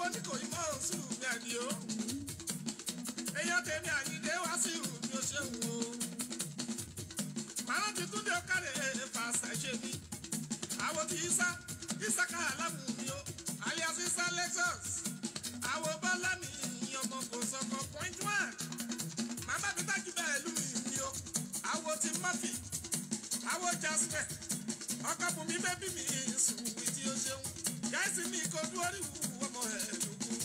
olówó tí kò yí mọ́ oṣù mi àdì o èèyàn tèmi àyíndé wá sí ìhù mi ò ṣe wù ú màá ti túndé kárẹ̀ fàṣẹ ṣe mi àwọn ti isa isaka alámù mi o alias isa lexus àwọn bọ́lá mi ọmọ kò sọkọ point one màmá mi tájú bẹ́ẹ̀ lù mí o àwọn ti murphy àwọn jasper ọkọ bùnmi bẹ́bí mi sùn wí tí ó ṣeun jáìsì mi kò dúró rí wù wọ́mọ ẹ̀ lógún.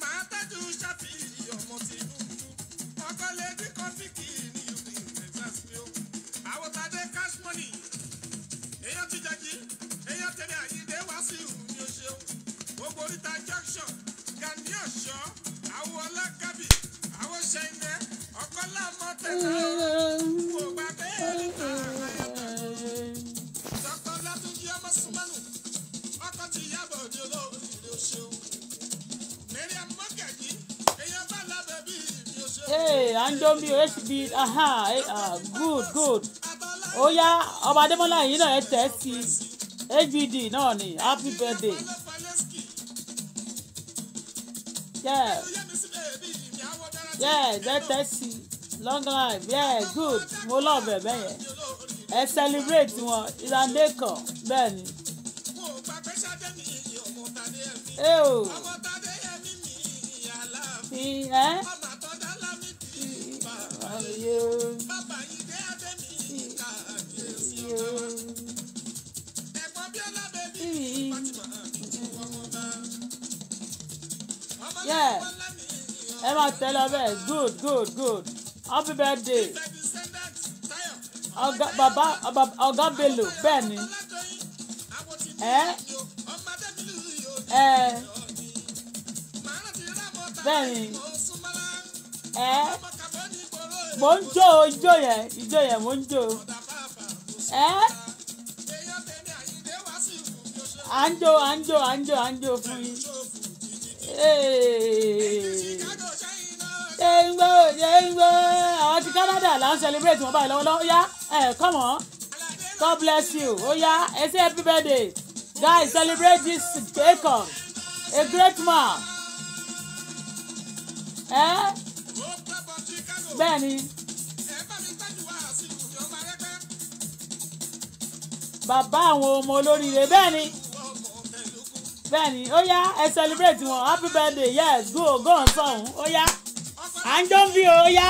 Màá tọ́jú ṣáfì ọmọ Tinubu. Ọkọ lẹ́dí kọ́fíìkì ní Uni Texas ni ó. Àwòtadé cash money. Èèyàn ti jẹ́jí, èèyàn tẹ̀lé àyídé wá sí ìhùn ní oṣù. Gbogbo oríta junction, Gani Ọ̀ṣọ́, àwọn ọlákàbí, àwọn ṣẹ̀yìnlẹ̀, ọkọ láàmú tẹ̀sán. Kò gbàgbé ẹ̀rí kan àgbáyà. Dr. Latunji Ọmọ Sumanu. Hey, I'm doing olóòrìrì HB, aha, eh, ah, good, good. Oh yeah, about Adémọ́lá yìí You know, tẹ̀ HBD No, ni, happy birthday. Yeah, yeah, that's tẹ̀ long life, yeah, good, We love it, bẹ́yẹn. Ẹ celebrate wọn, ìlànà kan bẹ́ẹ̀ ni. Yeah. Ẹ máa tẹ̀lé ọ bẹ́ẹ̀ good good good happy birthday ọ̀gá bàbá ọ̀gá Bello bẹ́ẹ̀ ni ẹ ẹ bẹ́ẹ̀ni ẹ mò ń jó ijó yẹn ijó yẹn mò ń jó ẹ à ń jó à ń jó à ń jó à ń jó fún yín. Jẹ́ngbó Jẹ́ngbó àwọn ti Canada là ń celebrate wọn báyìí lọ́wọ́lọ́wọ́ ó yá ẹ̀ come on God bless you ó yá ẹ ṣe happy birthday. Guys, celebrate this Jacob, a great man. Eh? Bẹ́ẹ̀ni. Bàbá àwọn ọmọ olóríire bẹ́ẹ̀ni. Bẹ́ẹ̀ni, ó yá ẹ celebrate wọn, happy birthday, yes, go go on sọ̀hún, ó yá. À ń jọ́ bí o, ó yá.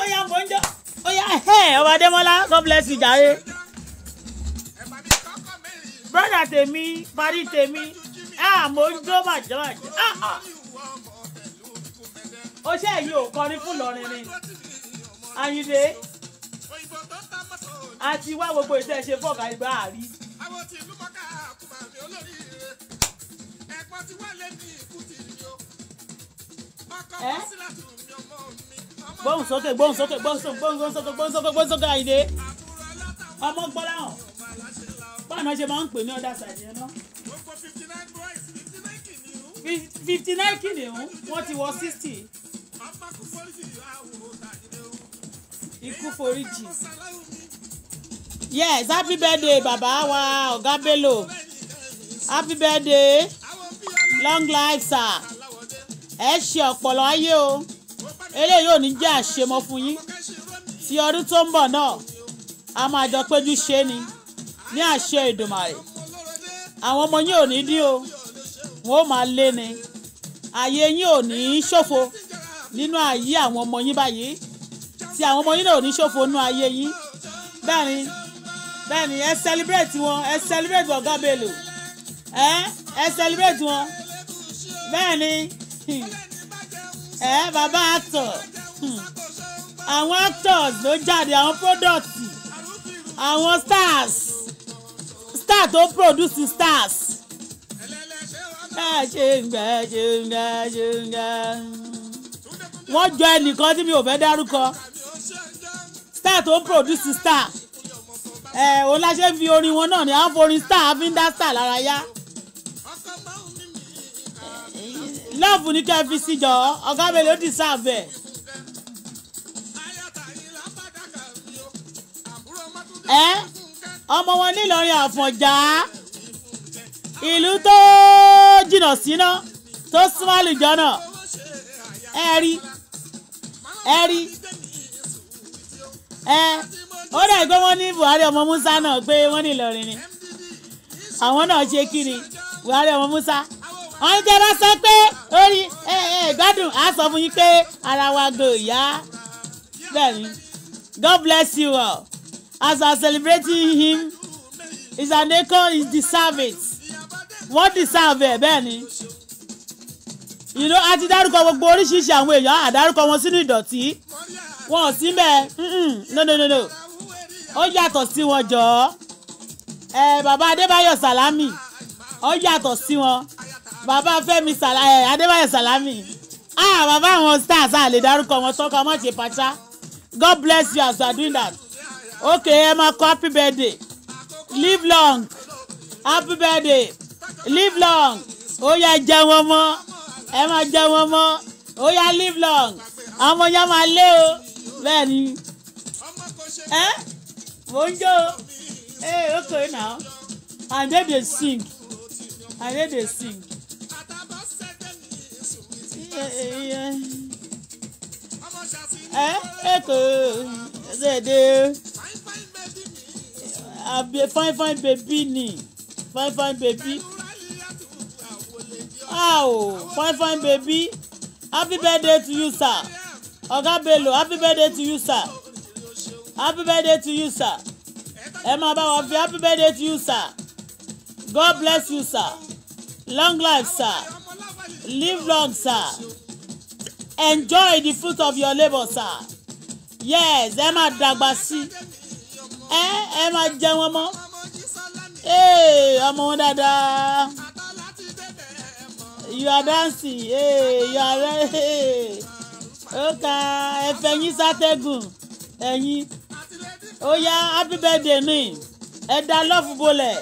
Ó yá, mò ń jọ́, ó yá, ọba Adémọ́lá, God bless you, jàre brọ́dà tèmi parí tèmi àmójútó bàjẹ́ bàjẹ́ ó ṣe èyí ò kọrin fún lọrin ni Àyìndé àti wá gbogbo ìtẹ́ ṣe fọ́ọ̀kà ìgbà àrí. àwọn tí ìlú mọ́ká àkùmà mi olórí ẹ̀pọ̀ tí wọ́n lé ní ikú ti rí o. ọkọ̀ wọn sí láti rùn mí ọmọ mi. gbóhùn sókè gbóhùn sókè gbóhùn sókè gbóhùn sókè gbóhùn sókè Àyìndé ọmọ gbọ́dọ̀ hàn báwo ṣe máa ń pè ní ọ̀dà sàdí ẹ̀ náà. gbogbo fifty fifty nine kìnìún. fifty nine kìnìún wọ́n ti wọ sixty. ọba foríjì àwòrán tàdé o. ikú foríjì. yes happy birthday Baba! wa ọ̀gá bello happy birthday long life sir ẹ ṣe ọ̀pọ̀lọ̀ ayé o eléyìí ò ní jẹ́ àṣemọ fún yín ti ọdún tó ń bọ̀ náà a máa jọ péjú ṣe ni ní àṣẹ Èdùmàrè àwọn ọmọ yín ò ní dín o wọn ó máa lé ni ààyè yín ò ní ṣòfò nínú ayé àwọn ọmọ yín báyìí tí àwọn ọmọ yín náà ò ní ṣòfò nínú ayé yín bẹ́ẹ̀ ni ẹ celebrate wọn ẹ celebrate ọ̀gá Bello ẹ ẹ celebrate wọn bẹ́ẹ̀ ni ẹ bàbá actor àwọn actors ló jáde àwọn products àwọn stars star tó produce stars. wọ́n jọ ẹnìkan tí mi ò fẹ́ dárúkọ star tó produce star òun la ṣe ń fi orin wọn náà ni à forin star àfi ń star lára yá. lọ́ọ̀fù ní kẹ́ fi síjọ ọ̀gá mi ló ti sáàbẹ̀. ẹ́ ọmọ wọn nílọrin àfọ̀njá ìlú tó jìnnà síná tó súnmọ́ àlùjọ náà ẹ rí ẹ rí ẹ ó dẹ̀ pé wọ́n ní Buhari ọmọ Musa náà pé wọ́n ní Ìlọrin ni àwọn náà ṣe kí ni Buhari ọmọ Musa àwọn ìjẹ́ bá sọ pé orí ẹ ẹ gbádùn á sọ fún yín pé ara wa gò yá bẹ́ẹ̀ ni God bless you all as I celebrating him his aneko is deserve it wọ́n deserve ẹ̀ bẹ́ẹ̀ ni you know a ti dárúkọ gbogbo oríṣiríṣi àwọn èèyàn àdárúkọ wọn sínú ìdọ̀tí wọn ò sí bẹ́ẹ̀ no no no no ó yàtọ̀ sí wọn jọ̀ọ́ ẹ bàbá Adébáyọ̀ Sàlámì ó yàtọ̀ sí wọn bàbá Fẹ́mi Adébáyọ̀ Sàlámì ah bàbá àwọn stars a lè dárúkọ wọn tọ́ka mọ̀ ṣe pàṣá God bless you as you are doing that ok ẹ máa kọ happy birthday live long happy birthday live long ó yá jẹ wọn mọ ẹ máa jẹ wọn mọ ó yá live long àwọn yẹn máa lé o bẹ́ẹ̀ ni ẹ mò ń jó ẹ ok now and then they sing and then they sing. Yeah, yeah. Eh, echo, zede be fine fine baby ni fine fine baby Ah aw fine fine baby happy birthday to you sir Oga bello happy birthday to you sir happy birthday to you sir Emma máa fi happy birthday to you sir god bless you sir long life sir live long sir enjoy the fruit of your labour sir yes Emma Dagbasi ẹ ẹ máa jẹ wọn mọ́ ee ọmọ wọn dáadáa you are dancing ee you are ee ọkà ẹfẹyín sátẹgùn ẹyin ó happy birthday mi ẹ dá lọ́ọ̀fù bolẹ̀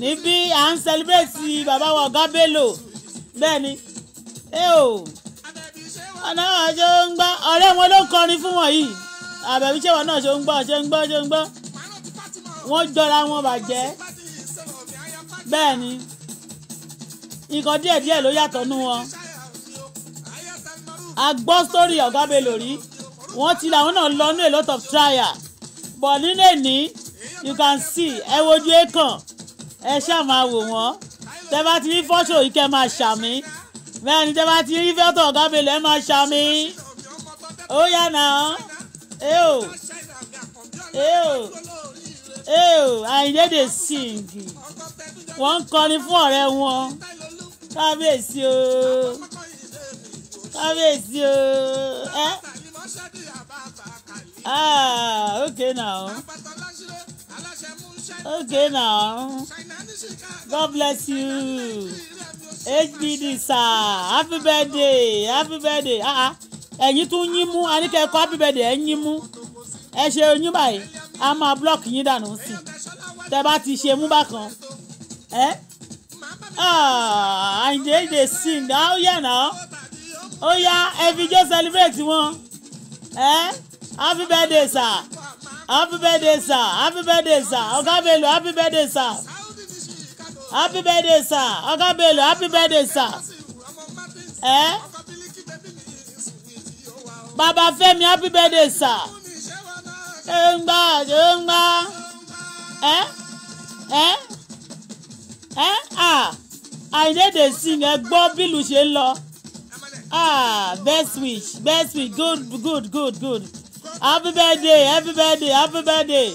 níbí à ń sẹlẹ̀bẹ̀tì bàbá wa ọ̀gá Bello bẹ́ẹ̀ ni ẹ o ọ̀nà ọ̀jọ̀ ń gbọ́ ọ̀rẹ́ wọn ló ń kọrin fún wọn yìí àbẹ̀bí ṣé wọn náà ṣe ń gbọ́ ṣe ń gbọ́ ṣe ń gbọ́ wọ́n jọra wọn bàjẹ́ bẹ́ẹ̀ ni nǹkan díẹ̀díẹ̀ ló yàtọ̀ nú wọn a gbọ́ sórí ọ̀gá Bello rí wọ́n ti làwọn náà lọ ní a lot of trial bọ̀ nínú èní you can see ẹ wojú èkàn ẹ ṣáà máa wò wọ́n tẹ bá ti rí fọ́ṣọ yìí kẹ́ máa ṣàmì bẹ́ẹ̀ ni tẹ bá ti rí fọ́tò ọ̀gá Bello ẹ máa ṣàmì ó yà náà ẹ ò ẹ ò. àyìndé dey sing wọ́n ń kọrin fún ọ̀rẹ́ wọn kábíyèsí o kábíyèsí o ẹ ah okay now okay now God bless you hbd sir happy birthday happy birthday ah ah ẹ̀yin tún yín mú aníkẹ́kọ̀ọ́ happy birthday ẹ̀ yín mú ẹ ṣe oyún báyìí a máa block yín dànù sí tẹ bá ti ṣe mú bákan ẹ ah, àyìndé èdè sing. náà ó yà náà ó yá ẹ fi jó celebrate wọn ẹ happy birthday sir happy birthday sir happy birthday sir ọ̀gá Bello happy birthday sir happy birthday sir ọ̀gá Bello happy birthday sir ẹ Baba Fẹ́mi happy birthday sir ṣe ń gbà ṣe ń gbà ẹ ẹ ẹ à àìdédè sing ẹ gbọ́ bílù ah best wish best wish good good good good happy birthday happy birthday happy birthday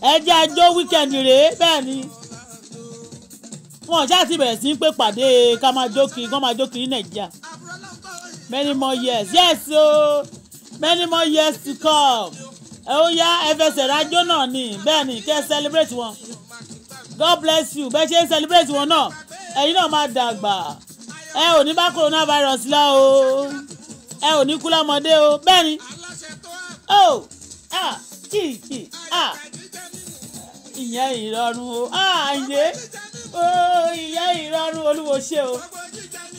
ẹ jẹ́ ajó weekend rèé bẹ́ẹ̀ ni wọn ṣáà ti bẹ̀rẹ̀ sí ń pè pàdé ká máa jókiri kán máa jókiri nàìjíríà many more years yes o oh. many more years to come ẹ ó yá ẹ fẹsẹ̀ rájọ́ náà ni bẹ́ẹ̀ ni kẹ́ ẹ celebrate wọn God bless you bẹ́ẹ̀ ṣe ń celebrate wọn náà ẹ̀yin náà máa dàgbà ẹ ò ní bá coronavirus lọ o ẹ ò ní kú lọ́mọdé o bẹ́ẹ̀ ni o a kì kì a ìyẹn ìrọ̀rùn o a yé o ìyẹn ìrọ̀rùn olúwo ṣe o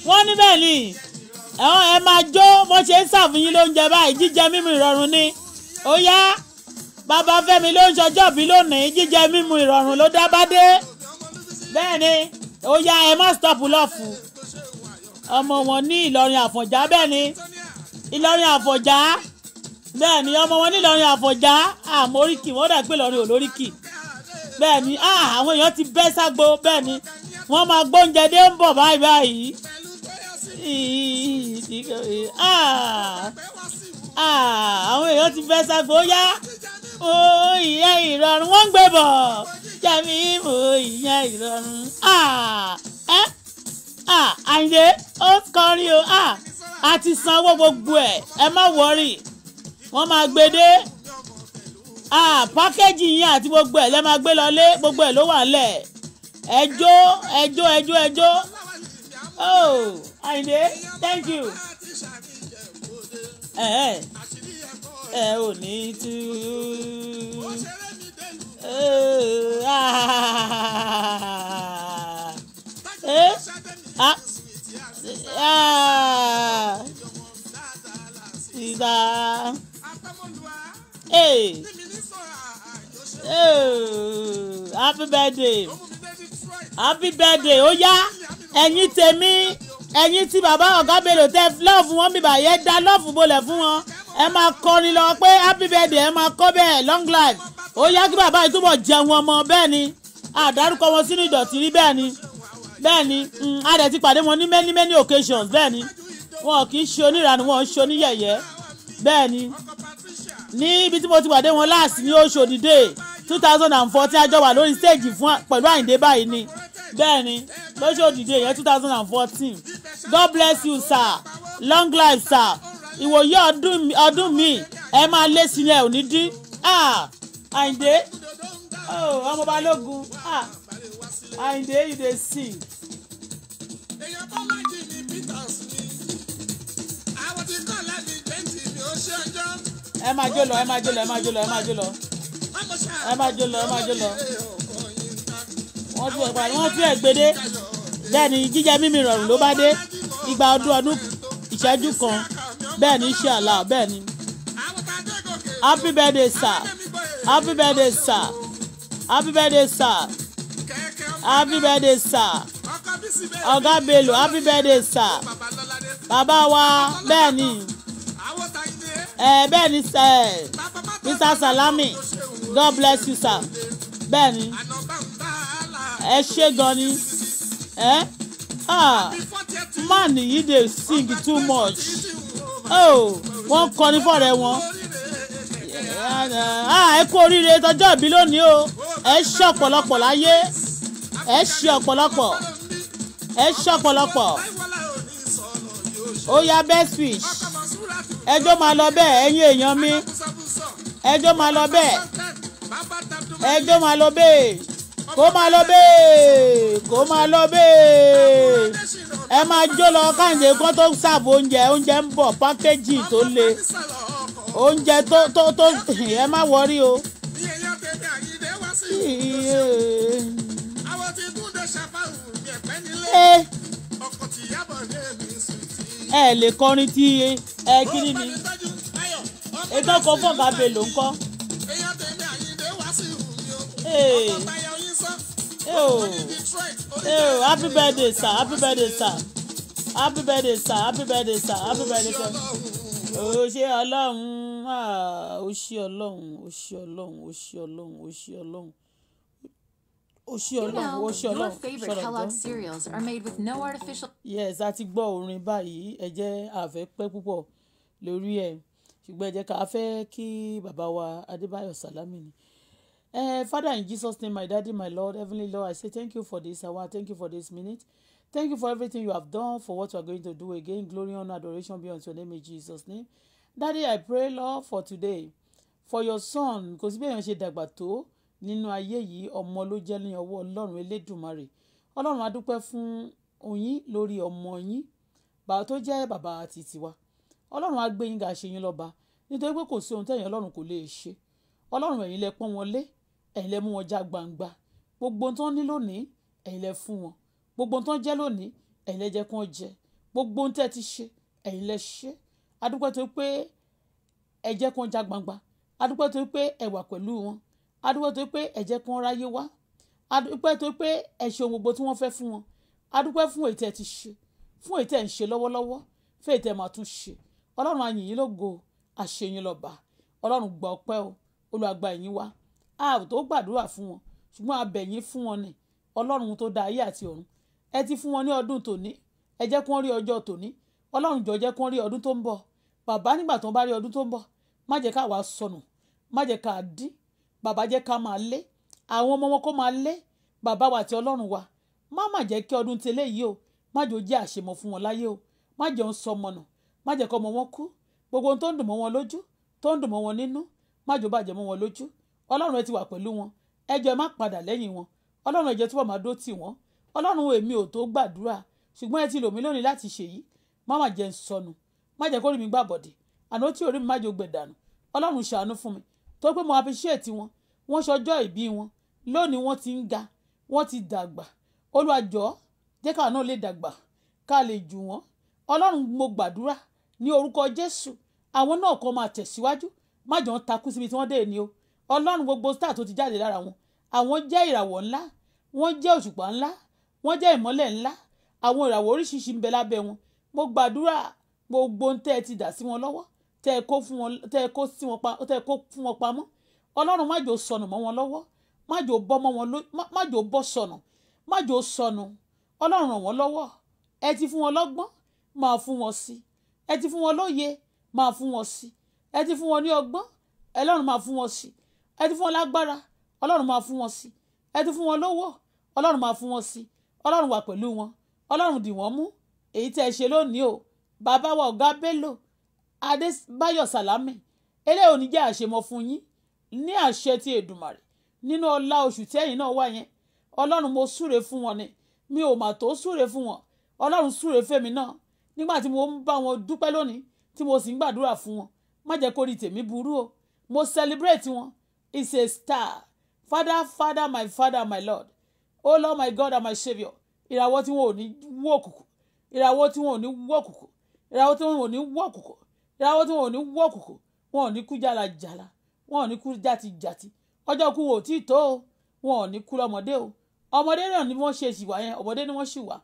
wọ́n ní bẹ́ẹ̀ ni ẹ máa jó bó ṣe ń ṣàfihàn lóúnjẹ báyìí jíjẹ mímu ìrọ̀rùn ni ó yá bàbá Fẹ́mi ló ń ṣọjọ́ bí lónìí jíjẹ mímu ìrọ̀rùn ló dá bá dé bẹ́ẹ̀ ni ó yá ẹ má stop lọ́ọ̀fù ọmọ wọn ní Ìlọrin Àfọ̀njá bẹ́ẹ̀ ni Ìlọrin Àfọ̀njá bẹ́ẹ̀ ni ọmọ wọn ní Ìlọrin Àfọ̀njá àmóríkì wọ́n dà pé Ìlọrin olóríkì bẹ́ẹ̀ ni àwọn èèyàn ti bẹ́ ságbo bẹ́ẹ̀ ni wọ́n máa gbóúnjẹ dé ń bọ̀ báyìí báyìí. Ah, àwọn èèyàn ti fẹ́ sago yá ó ìyá ìrọ̀rùn wọ́n ń gbé bọ̀ jẹ́mi ìmọ̀ ìyá ìrọ̀rùn ah, ẹ́ ah, àyìnlé ó kọrin o a ti sanwó gbogbo ẹ̀ ẹ má wọrí wọ́n máa gbé dé pákéjì yín àti gbogbo ẹ̀ lẹ́ máa gbé lọlé gbogbo ẹ̀ ló wà lẹ̀ ẹjọ́ ẹjọ́ ẹjọ́ ẹjọ́ oh àyìnlé thank you ẹ ò ní tú. Ìgbà hey. oh, happy birthday happy birthday ó yá ẹ̀yin tèmi ẹ̀yin tí bàbá ọ̀gá belò tẹ lọ́ọ̀fù wọn bíbà yẹn dá lọ́ọ̀fù bolẹ̀ fún wọn ẹ máa kọrin lọ pé happy birthday ẹ máa kọ́ bẹ́ẹ̀ long life ó yá kí bàbá yìí túbọ̀ jẹun ọmọ bẹ́ẹ̀ ni àdárúkọ wọn sínú ìdọ̀tí rí bẹ́ẹ̀ ni bẹ́ẹ̀ ni mm, a dẹ̀ ti pàdé wọn ní many many occasions bẹ́ẹ̀ ni wọn kì í ṣe oníranú wọn ń ṣe oníyẹ̀yẹ́ bẹ́ẹ̀ ni ní ibi tí mo ti pàdé wọn last ní Oṣòdì day two thousand and fourteen àjọ wà lórí stage fún pẹ̀lú Àyìndé báyìí ni bẹ́ẹ̀ ni lóṣòdì day yẹn two thousand and fourteen God bless you sir long life sir ìwòye ọdún mi ẹ máa lé sílẹ̀ ò ní dín ah, àyìndé oh, ọmọ balógun ah, àyìndé you dey sing. èèyàn tó máa jì ní peters ni àwọn tí kàn láti twenty ni ó ṣe ọjọ́. ẹ máa jó lọ ẹ máa jó lọ ẹ máa jó lọ ẹ máa jó lọ ẹ máa jó lọ ẹ máa jó lọ wọ́n fi ẹ̀gbẹ́dẹ́ bẹ́ẹ̀ ni jíjẹ mímí rọrùn ló bá dé igba ọdún ọdún ìṣẹ́jú kan bẹ́ẹ̀ ni ṣe àlà happy birthday sir happy birthday sir happy birthday sir happy birthday sir ọ̀gá bello happy birthday sir bàbá wa bẹ́ẹ̀ ni ẹ sir mr salami god bless you sir bẹ́ẹ̀ ni ẹ ṣé gan ni. Eh? Ah, man yìí dey sing too much. Oh, wọ́n kọrin fọ́rẹ̀ wọn. Ah, ẹ kú oríire tọjọ́ ìbí lónìí o. Ẹ ṣe ọ̀pọ̀lọpọ̀ láyé. Ẹ ṣe ọ̀pọ̀lọpọ̀. Ẹ ṣe ọ̀pọ̀lọpọ̀. Ó yá best fish. Ẹjọ́ máa lọ bẹ́ẹ̀ ẹ̀yin èèyàn mi. Ẹjọ́ máa lọ bẹ́ẹ̀. Ẹjọ́ máa lọ bẹ́ẹ̀ kó máa lọ bẹ́ẹ̀ kó máa lọ bẹ́ẹ̀ ẹ máa jó lọ káyìndé kan tó ṣàbò oúnjẹ oúnjẹ ń bọ̀ pákéjì tó le oúnjẹ tó tó tó ẹ má wọrí o. ẹ lè kọrin tí ẹ kiri ni ètò ọkọ̀ fọ̀gàbẹ̀ ló ń kọ́. ọkọ̀ ew oh. oh, happy birthday sir happy birthday sir happy birthday sir happy birthday sir happy birthday sir o oh, ṣé ọlọ́run o ah, ṣé ọlọ́run o ṣé ọlọ́run o ṣé ọlọ́run o ṣé ọlọ́run. You know, your favorite Kellogg cereals are made with no artificial. Yes, a ti gbọ́ orin báyìí ẹ jẹ́ a fẹ́ pẹ́ púpọ̀ lórí ẹ̀ ṣùgbọ́n ẹ jẹ́ ká fẹ́ kí bàbá wa Adébáyọ̀ Sálámì ni Uh, Father, in Jesus' name, my daddy, my Lord, Heavenly Lord, I say thank you for this hour. Thank you for this minute. Thank you for everything you have done, for what you are going to do again. Glory, honor, adoration be unto your name in Jesus' name. Daddy, I pray, Lord, for today, for your son, Because sí bí èèyàn ṣe dàgbà tó nínú ayé yìí, ọmọ ló jẹ́ ní ọwọ́ Ọlọ́run Elédùmarè. oyin lórí ọmọ yín, bàbá tó jẹ́ bàbá àti tiwa. Ọlọ́run á gbé yín ga ṣe yín lọ́ba, nítorí pé kò ohun tẹ̀yìn Ọlọ́run kò lè ṣe. Ọlọ́run ẹ̀yin lẹ pọ́n wọn ẹ̀yin lẹ mú wọn já gbangba gbogbo ohun tó ń ní lónìí ẹ̀yin lẹ fún wọn gbogbo ohun tó ń jẹ lónìí ẹ̀yin lẹ jẹ́ kí wọ́n jẹ gbogbo ohun tẹ́ ti ṣe ẹ̀yin lẹ ṣe adúpẹ́ tó pé ẹ jẹ́ kí wọ́n já gbangba adúpẹ́ tó pé ẹ wà pẹ̀lú wọn adúpẹ́ tó pé ẹ jẹ́ kí wọ́n ráyé wá adúpẹ́ tó pé ẹ ṣe ohun gbogbo tí wọ́n fẹ́ fún wọn adúpẹ́ fún èyí ti ṣe fún èyí ń ṣe lọ́wọ́lọ́wọ́ fún èyí máa tún ṣe ọlọ́run a yìn yín lógo a ṣe lọ́ba ọlọ́run gba ọpẹ́ o olùwàgbà yín wá a tó gbàdúrà fún wọn ṣùgbọ́n a bẹ̀ yín fún wọn ni ọlọ́run tó dá ayé àti ọ̀run ẹ ti fún wọn ní ọdún tòní ẹ jẹ́ kí wọ́n rí ọjọ́ tòní ọlọ́run jọ jẹ́ kí wọ́n rí ọdún tó ń bọ̀ bàbá nígbà tó ń bá rí ọdún tó ń bọ̀ má jẹ́ ká wà sọnù má jẹ́ ká dín bàbá jẹ́ ká máa lé àwọn ọmọ wọn kó máa lé bàbá wa àti ọlọ́run wa má má jẹ́ kí ọdún tẹ́lẹ̀ yìí o má jò jẹ́ àṣemọ̀ fún wọn láyé o má jẹ́ ń sọmọ nù má jẹ́ kọ́ ọmọ wọn kú gbogbo ohun tó ń dùn mọ́ wọn lójú tó ń dùn mọ́ wọn nínú má jò bàjẹ́ mọ́ wọn lójú ọlọ́run ẹ ti wà pẹ̀lú wọn ẹ jẹ́ má padà lẹ́yìn wọn ọlọ́run ẹ jẹ́ túbọ̀ máa dó tì wọ́n ọlọ́run èmi ò tó gbàdúrà ṣùgbọ́n ẹ ti lò mí lónìí láti ṣèyí má má jẹ́ ń sọnù má jẹ́ kó rí mi gbà bọ̀dẹ̀ àná tí orí mi má jò gbẹ̀dànù ọlọ́run ṣàánú fún mi tó pé mo appreciate wọn wọ́n ṣọjọ́ ìbí wọn lónìí wọ́n ti ń ga wọ́n ti dàgbà Olúwa jọ̀ọ́ jẹ́ káwọn náà lè dàgbà ká lè jù wọ́n ọlọ́run mo gbàdúrà ní orúkọ Jésù àwọn náà kọ́ máa tẹ̀síwájú má jọ ń takú síbi tí wọ́n dé ní o ọlọ́run gbogbo star tó ti jáde lára wọn àwọn jẹ́ ìràwọ̀ ńlá wọ́n jẹ́ òṣùpá ńlá wọ́n jẹ́ ìmọ́lẹ̀ ńlá àwọn ìràwọ̀ oríṣiríṣi ń bẹ lábẹ́ wọn mo gbàdúrà gbogbo ń tẹ́ ẹ ti dà sí wọn lọ́wọ́ tẹ́ ẹ kó fún wọn pamọ́ ọlọ́run má jò sọnù mọ́ wọn lọ́wọ́ má jò bọ́ mọ́ wọn má jò bọ́ sọnù má jò sọnù ọlọ́run ràn wọ́n lọ́wọ́ ẹ ti fún wọn lọ́gbọ́n máa fún wọn sí ẹ ti fún wọn lóye máa fún wọn sí ẹ ti fún wọn ní ọgbọ́n ẹlọ́run máa fún wọn sí ẹ ti fún wọn lágbára ọlọ́run máa fún wọn sí ẹ ti fún wọn lówó ọlọ́run máa fún wọn sí ọlọ́run wà pẹ̀lú wọn ọlọ́run dì wọ́n mú èyí tẹ́ ẹ ṣe lónìí o bàbá wa ọ̀gá bello adébáyọ̀ sàlámì eléyìí ò ní jẹ́ àṣemọ́ fún yín ní àṣẹ ti èdùmàrè nínú ọlá oṣù tẹ́yìn náà wà yẹn ọlọ́run mo súre fún wọn ni mi ò mà tó súre fún wọn ọlọ́run súre fẹ́mi náà nígbà tí mo ń bá wọn dúpẹ́ lónìí tí mo sì ń gbàdúrà fún wọn má jẹ́ kó tèmi burú o mo celebrate wọn is a star father father my father my lord oh lord my god and my saviour ìràwọ̀ tí wọn ò ní wọ òkùnkùn ìràwọ̀ tí wọn ò ní wọ òkùnkùn ìràwọ̀ tí wọn ò ní wọ òkùnkùn ìràwọ̀ tí wọn ò ní wọ òkùnkùn wọn ò ní kú jálajàla wọn ò ní kú jàtijàti ọjọ́ kú wọn ò tí ì tó o wọn ò ní kú lọ́mọdé o ọmọdé náà ni wọ́n ṣe sì wà yẹn ọmọdé ni wọ́n sì wà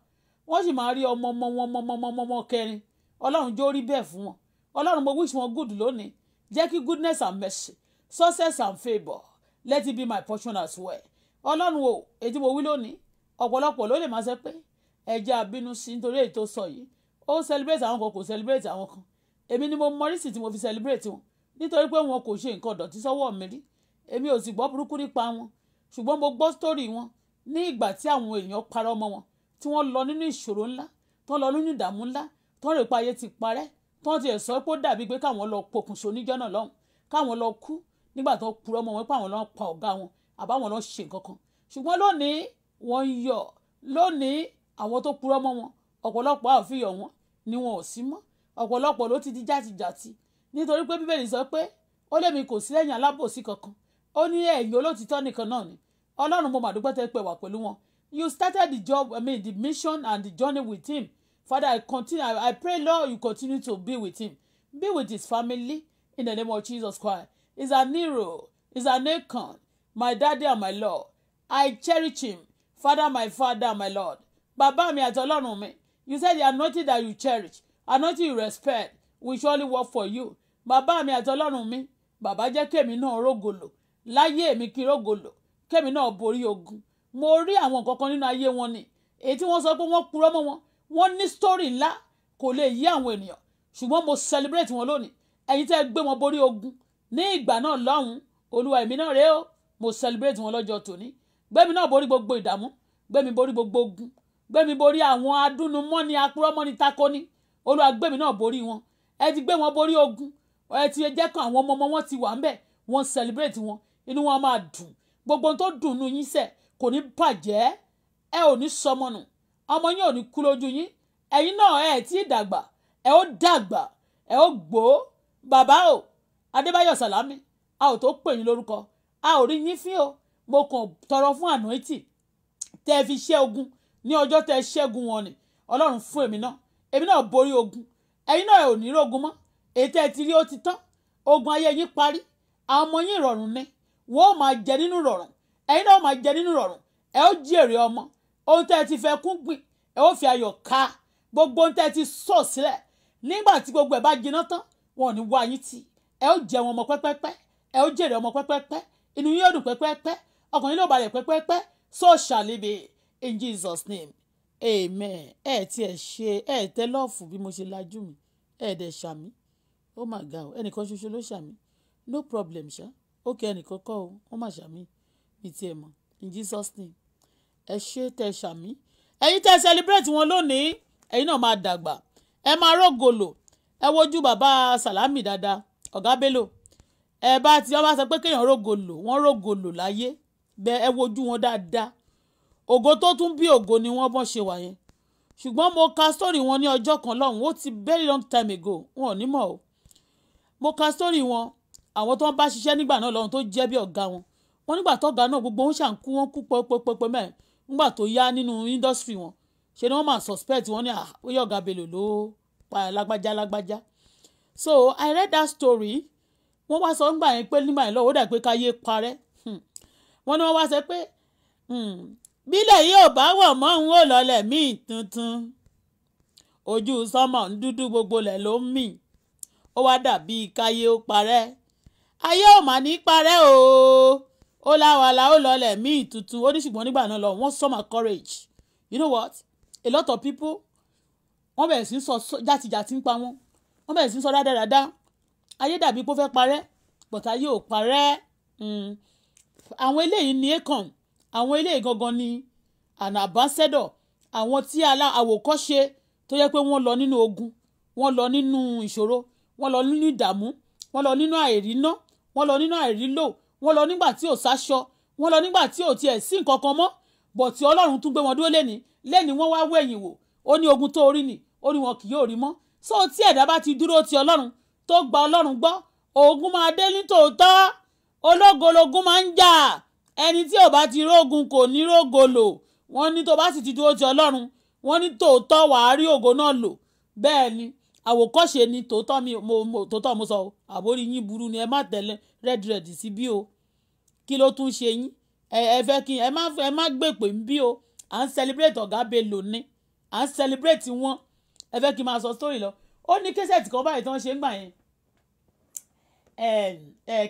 wọ́n sì máa rí ọmọ ọmọ wọn ọmọ ọmọ ọmọ kẹrin ọlọ́run wish wọn good lónìí jẹ́ kí goodness and mercy success and favour let it be my portion as well ọlọ́run o ètí mo wí lónìí ọ̀pọ̀lọpọ̀ ló lè máa ṣe pé ẹ̀jẹ̀ àbínú sí nítorí èyí tó sọ yìí ó celebrate àwọn kan kò celebrate àwọn kan èmi ni mo mọrísì tí mo fi celebrate wọn nítorí pé wọn kò ṣe nǹkan ọ̀dọ̀tí sọ́wọ́ mi rí èmi ò sì gbọ́ burúkú nípa wọn ṣùgbọ́n mo gbọ́ sítórì wọn ní ìgbà tí àwọn èèyàn parọ́ mọ́ wọn tí wọ́n lọ nínú ìṣòro ńlá tó lọ nínú ìdààmú ńlá tó rè pa ayé ti parẹ́ tó ti ẹ̀ sọ pé ó dàbí pé káwọn lọ pokùnso níjọ́ náà lọ́hùn káwọn lọ kú nígbà tó purọ́ mọ́ wọn pé àwọn náà pa ọ̀gá wọn àbáwọn náà ṣe nǹkan kan ṣùgbọ́n lónìí wọ́n ń yọ̀ lónìí àwọn tó purọ́ mọ́ wọn ọ̀pọ̀lọpọ̀ àfihàn wọn ni wọn ò sí mọ́ ọ̀pọ̀lọpọ̀ ló ti di játijàti nítorí pé bíbélì sọ pé ó lémi kò sí lẹ́yìn alábòsí kankan ó ní ẹ̀yìn olótìtọ́ nìkan náà ni ọlọ́run mo màdúgbẹ́ tẹ́ pẹ̀ wà pẹ̀lú wọn you started the job i mean the mission and the journey with him father i continue I pray lord you continue to be with him be with his family in the name of jesus christ is an hero, is an icon, my daddy and my lord. I cherish him, father my father my lord. Bàbá mi àti Ọlọ́run mi, you said the anointing that you cherish, anointing you respect, will surely work for you. Baba mi àti Ọlọ́run mi, bàbá jẹ́ kémi náà rógòlò, láyé mi kí rógòlò, kémi náà borí ogun. Mo rí àwọn nǹkan kan nínú ayé wọn ni, èyí tí wọ́n sọ won wọ́n purọ́ mọ́ wọn, wọ́n story ńlá kò lè yí àwọn ènìyàn, ṣùgbọ́n mo celebrate wọn lónìí, ẹ̀yin tẹ́ gbé wọn borí ogun, ní ìgbà náà lọ́hùn olúwa èmi náà rèé o mo celebrate wọn lọ́jọ́ tòní gbẹ́mi náà borí gbogbo ìdààmú gbẹ́mi borí gbogbo ogun gbẹ́mi borí àwọn adúnumọ́ni apúrọ́mọ́ni takoni olúwa gbẹ́mi náà borí wọn ẹ ti gbé wọn borí ogun ẹ ti jẹ́ kan àwọn ọmọ ọmọ wọn ti wà ń bẹ̀ wọ́n celebrate wọn inú wọn máa dùn gbogbo tó dùn nù yín sẹ̀ kò ní bàjẹ́ ẹ ò ní sọmọnù ọmọ yín ò ní kú lójú yín ẹ̀yin náà ẹ ti dàgbà ẹ ó dàgbà ẹ ó gbó bàbá o adébáyọ̀ sàlámì a ò tó pè yín lórúkọ a ò rí yín fín o mo kàn tọrọ fún ànáìtì tẹ́ fi ṣẹ́ ogun ní ọjọ́ tẹ́ ẹ wọn ni ọlọ́run fún èmi náà èmi náà borí ogun ẹ̀yin náà ò ní rógun mọ́ èyí tẹ́ ẹ ti rí ó ti tán ogun ayé yín parí àwọn ọmọ yín ìrọ̀rùn ni wọn ò máa jẹ nínú ìrọ̀rùn ẹ̀yin náà ò máa jẹ nínú ìrọ̀rùn ẹ ó jí èrè ọmọ ohun tẹ́ ẹ ti fẹ́ kún gbìn ẹ ó fi ayọ̀ ká gbogbo ohun tẹ́ ti sọ̀ sílẹ̀ nígbà tí gbogbo ẹ̀ bá jiná tán wọn ò ní wá yín tì í ẹ ó jẹun ọmọ pẹ́pẹ́pẹ́ ẹ ó jèrè ọmọ pẹ́pẹ́pẹ́ inú yín yóò dùn pẹ́pẹ́pẹ́ ọkàn yín yóò balẹ̀ pẹ́pẹ́pẹ́ so shall it be in Jesus name amen ẹ ti ẹ ṣe ẹ tẹ lọ́ọ̀fù bí mo ṣe lajú mi ẹ dẹ̀ ṣàmì ó mà ga o ẹnìkan ṣoṣo ló ṣàmì no problem ṣá ó kẹ ẹnìkan kọ́ o wọ́n mà ṣàmì mi tiẹ̀ mọ̀ in Jesus name ẹ ṣe tẹ ṣàmì ẹ̀yin tẹ celebrate wọn lónìí ẹ̀yin náà máa dàgbà ẹ máa rògòlò ẹ wojú bàbá sàlámì dáadáa ọ̀gá bello ẹ bá ti ọba sọ pé kéèyàn rògòlò wọ́n rògòlò láyé bẹ ẹ wojú wọn dáadáa ògo tó tún bí ògo ni wọ́n bọ́n ṣe wà yẹn ṣùgbọ́n mo ka sórí wọn ní ọjọ́ kan lọ́hùn ó ti very long time ago wọn ò ní mọ̀ o mo ka sórí wọn àwọn tó ń bá ṣiṣẹ́ nígbà náà lọ́hùn tó jẹ́ bí ọ̀gá wọn wọn nígbà tọ́gá náà gbogbo wọn ṣàǹkú wọn kú pẹ́pẹ́pẹ́ mẹ́rin nígbà tó yá nínú industry wọn ṣe ni wọ́n máa suspect wọn ní àwòyọ̀gá ah, belò ló pa lágbájá lágbájá so i read that story wọ́n wá sọ ńgbà yẹn pé nígbà yẹn lọ́wọ́ ó dà pé káyé parẹ́ hmm. wọ́n ní wọ́n wá sọ pé hmm, bílẹ̀ yìí ò bá wọ̀ mọ́ òun ò lọlẹ̀ míì tuntun ojú sọmọ ń dúdú gbogbo lẹ̀ ló ń mì ó wá dàbí káyé ó parẹ́ ayé ò mà ní parẹ́ o ó láwàlá ó lọlẹ̀ míì tuntun ó ní ṣùgbọ́n nígbà náà lọ wọ́n sọ́mà courage you know what a lot of people wọ́n bẹ̀rẹ̀ sí sọ játijàti ń pa wọ́n wọ́n bẹ̀rẹ̀ sí sọ dáadáa ayé dàbí pé ó fẹ́ parẹ́ bọ̀tà yóò parẹ́ hmm. àwọn eléyìí ní akon àwọn eléyìí gangan ni àná àbáṣẹ́dọ̀ àwọn tí àwòkọ́ṣe tó yẹ pé wọ́n lọ nínú ogun wọ́n lọ nínú ìṣòro wọ́n lọ nínú ìdààmú wọ́n lọ nínú àìríná wọ́n lọ nínú àìrílò wọ́n lọ nígbà tí ò sáṣọ wọ́n lọ nígbà tí ò tiẹ̀ sí nǹkan kan mọ́ bọ̀ tí ọlọ́run tún gbé wọn dúró lẹ́ni lẹ́ni wọ́n wá wẹ̀yìn wò ó ní ogun tó orí ni ó ní wọn kì yóò rí mọ́ so tí ẹ̀dá bá ti dúró ti ọlọ́run tó gba ọlọ́run gbọ́ ogun máa dé ní tòótọ́ ológologun máa ń jà ẹni tí ò bá ti rógun kò ní rógolo wọ́n ní tó bá sì ti dúró ti ọlọ́run wọ́n ní tòótọ́ wàá rí ògo náà lò bẹ́ẹ̀ ni àwòkọ́ṣe ni tòótọ́ mi mo mo tòótọ́ mo sọ àbórí yín burú ni ẹ má tẹ̀lé rẹ́dìrẹ́dì sí bí o kí ló tún ṣe yín ẹ ẹ fẹ́ kí ẹ má ẹ má gbèpè ń bí o à ń celebrate ọ̀gá Bello ni à ń celebrate wọn ẹ fẹ́ kí n máa sọ story lọ ó ní kẹsẹ̀tì kan báyìí tó ń ṣe ń gbà yẹn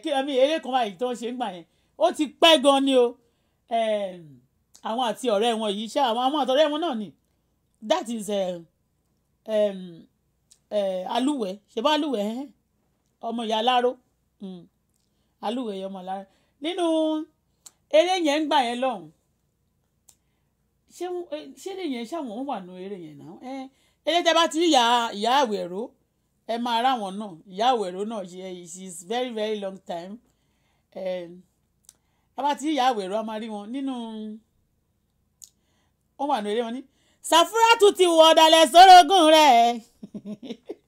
kí ẹ̀mí eré kan báyìí tó ń ṣe ń gbà yẹn ó ti pẹ́ gan ni o àwọn àti ọ̀rẹ́ wọn yìí ṣá àwọn àwọn àtọ̀rẹ́ wọn náà ni that is alúwẹ̀ ṣèbá alúwẹ̀ ọmọ ìyá aláró hmm. alúwẹ̀ ọmọ ìyá aláró nínú eré yẹn ń gbà yẹn lọ́hùn ṣé eré yẹn ṣáwọn wà nù eré yẹn náà eléyìí tẹ́ bá ti rí ìyá àwẹ̀rọ ẹ máa ráwọn náà ìyá àwẹ̀rọ náà she is very very long time ẹ bá ti rí ìyá àwẹ̀rọ a máa rí wọn nínú ó wà ní eré wọn ní Sàfúrátù ti wọ ọ̀dàlẹ̀ sórogún rẹ̀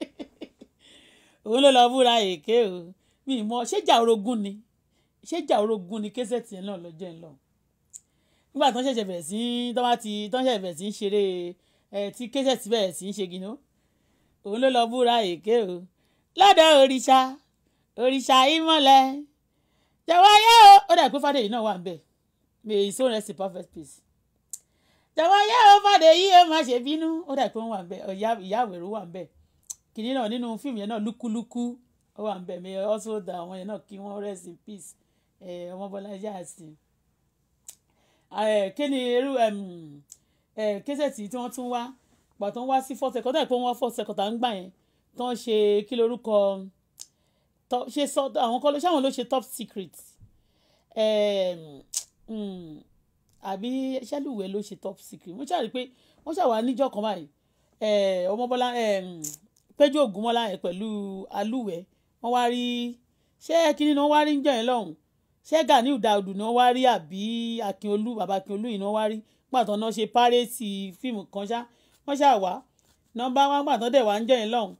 òun ló lọ búra èké o mi mọ ṣéjà orogún ni ṣéjà orogún ni késẹ̀tì ẹ̀ náà lọ́jọ́ ẹ̀ lọ nígbà tó ń ṣẹ̀ṣẹ̀ bẹ̀rẹ̀ sí tó ń ṣẹ̀ṣẹ̀ bẹ̀rẹ̀ sí ṣeré tí kẹ́sẹ̀tì bẹ̀rẹ̀ sí í ṣe gino òun ló lọ búra èké o lọ́dọ̀ òrìṣà òrìṣà ìmọ̀lẹ̀ jọ̀wọ́ ayé o ó dà pé fàdéyìí náà wà ń bẹ̀ may his own rest in perfect peace jọ̀wọ́ ayé o fàdéyìí o má ṣe bínú ó dà pé wọ́n wà ń bẹ̀ ìyá àwẹ̀rọ wà ń bẹ̀ kìnìún náà nínú fíìmù yẹn náà lúkúlúkú ó wà ń bẹ̀ may also da àwọn yẹn náà kí wọ́n rest in peace ọmọ bọ́lá I kí ni irú késẹ̀tì tí wọ́n tún wá pàtó wá sí fourth sector dáìpé wọ́n fourth sector ń gbà yẹn tó ń ṣe kí lorúkọ ṣe sọ àwọn kọ́ ṣáwọn ló ṣe top secret hmm, àbí ṣẹ́lùwẹ̀ ló ṣe top secret mo ṣàrí pé wọ́n ṣàwà níjọ́ kan báyìí ọmọbọ́lá péjú ògúnmọ́lá yẹn pẹ̀lú alúwẹ̀ wọ́n wá rí ṣé kínní ni wọ́n wá rí ń jẹ́ yẹn lọ́hùn ṣé Gani Daud ni wọ́n wá rí àbí Akínolú bàbá Akínolú yìí ni wọ́n wá rí pàtó náà ṣe párẹ́sì fíìmù kan ṣá wọ́n ṣáà wá nọ́mbà wá pàtó dẹ̀ wá ń jẹ́yìn lọ́hùn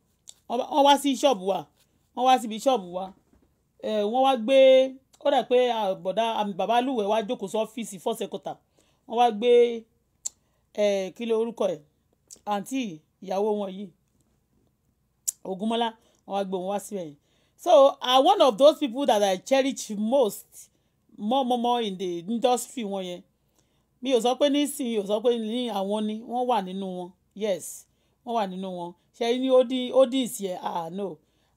wọ́n wá sí ṣọ́ọ̀bù wa wọ́n wá síbi ṣọ́ọ̀bù wa wọ́n wá gbé ó dà pé bọ̀dá bàbá lúwẹ̀ wá jókòó sí ọ́fíìsì fọ́sẹ̀kọ̀tà wọ́n wá gbé kí ló orúkọ ẹ̀ àǹtí ìyàwó wọn yìí Ògúnmọ́lá wọ́n wá gbé wọn wá síbẹ̀ yìí so are one of those people that I cherish most more more more in the industry wọn yẹn mi ò sọ pé nísìnyí ò sọ pé ní àwọn ni wọ́n wà nínú wọn yes wọ́n wà nínú wọn ṣe ní odis yẹ ah no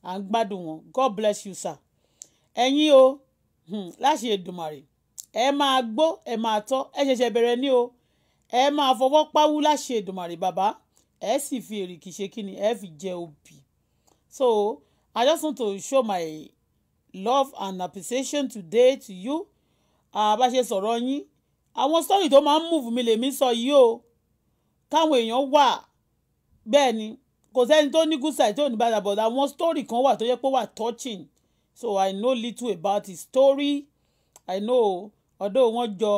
à ń gbádùn wọn god bless you sir ẹ̀yin o hmm, láṣẹ Èdùmàrè ẹ máa gbó ẹ máa tọ́ ẹ ṣẹ̀ṣẹ̀ bẹ̀rẹ̀ ní o ẹ máa fọwọ́ páwú láṣẹ Èdùmàrè bàbá ẹ sì fi èrìkì ṣe kíni ẹ fi jẹ obì so I just want to show my love and appreciation today to you àbáṣe ah, sọ̀rọ̀ yín àwọn sọ́ọ̀rì tó máa ń move mi lèmi sọ yìí o káwọn èèyàn wà bẹ́ẹ̀ ni kò sẹ́ni tó ní good side tó ní bad but àwọn story kan wà tó yẹ pé wà touching so I know little about his story I know ọ̀dọ̀ wọn jọ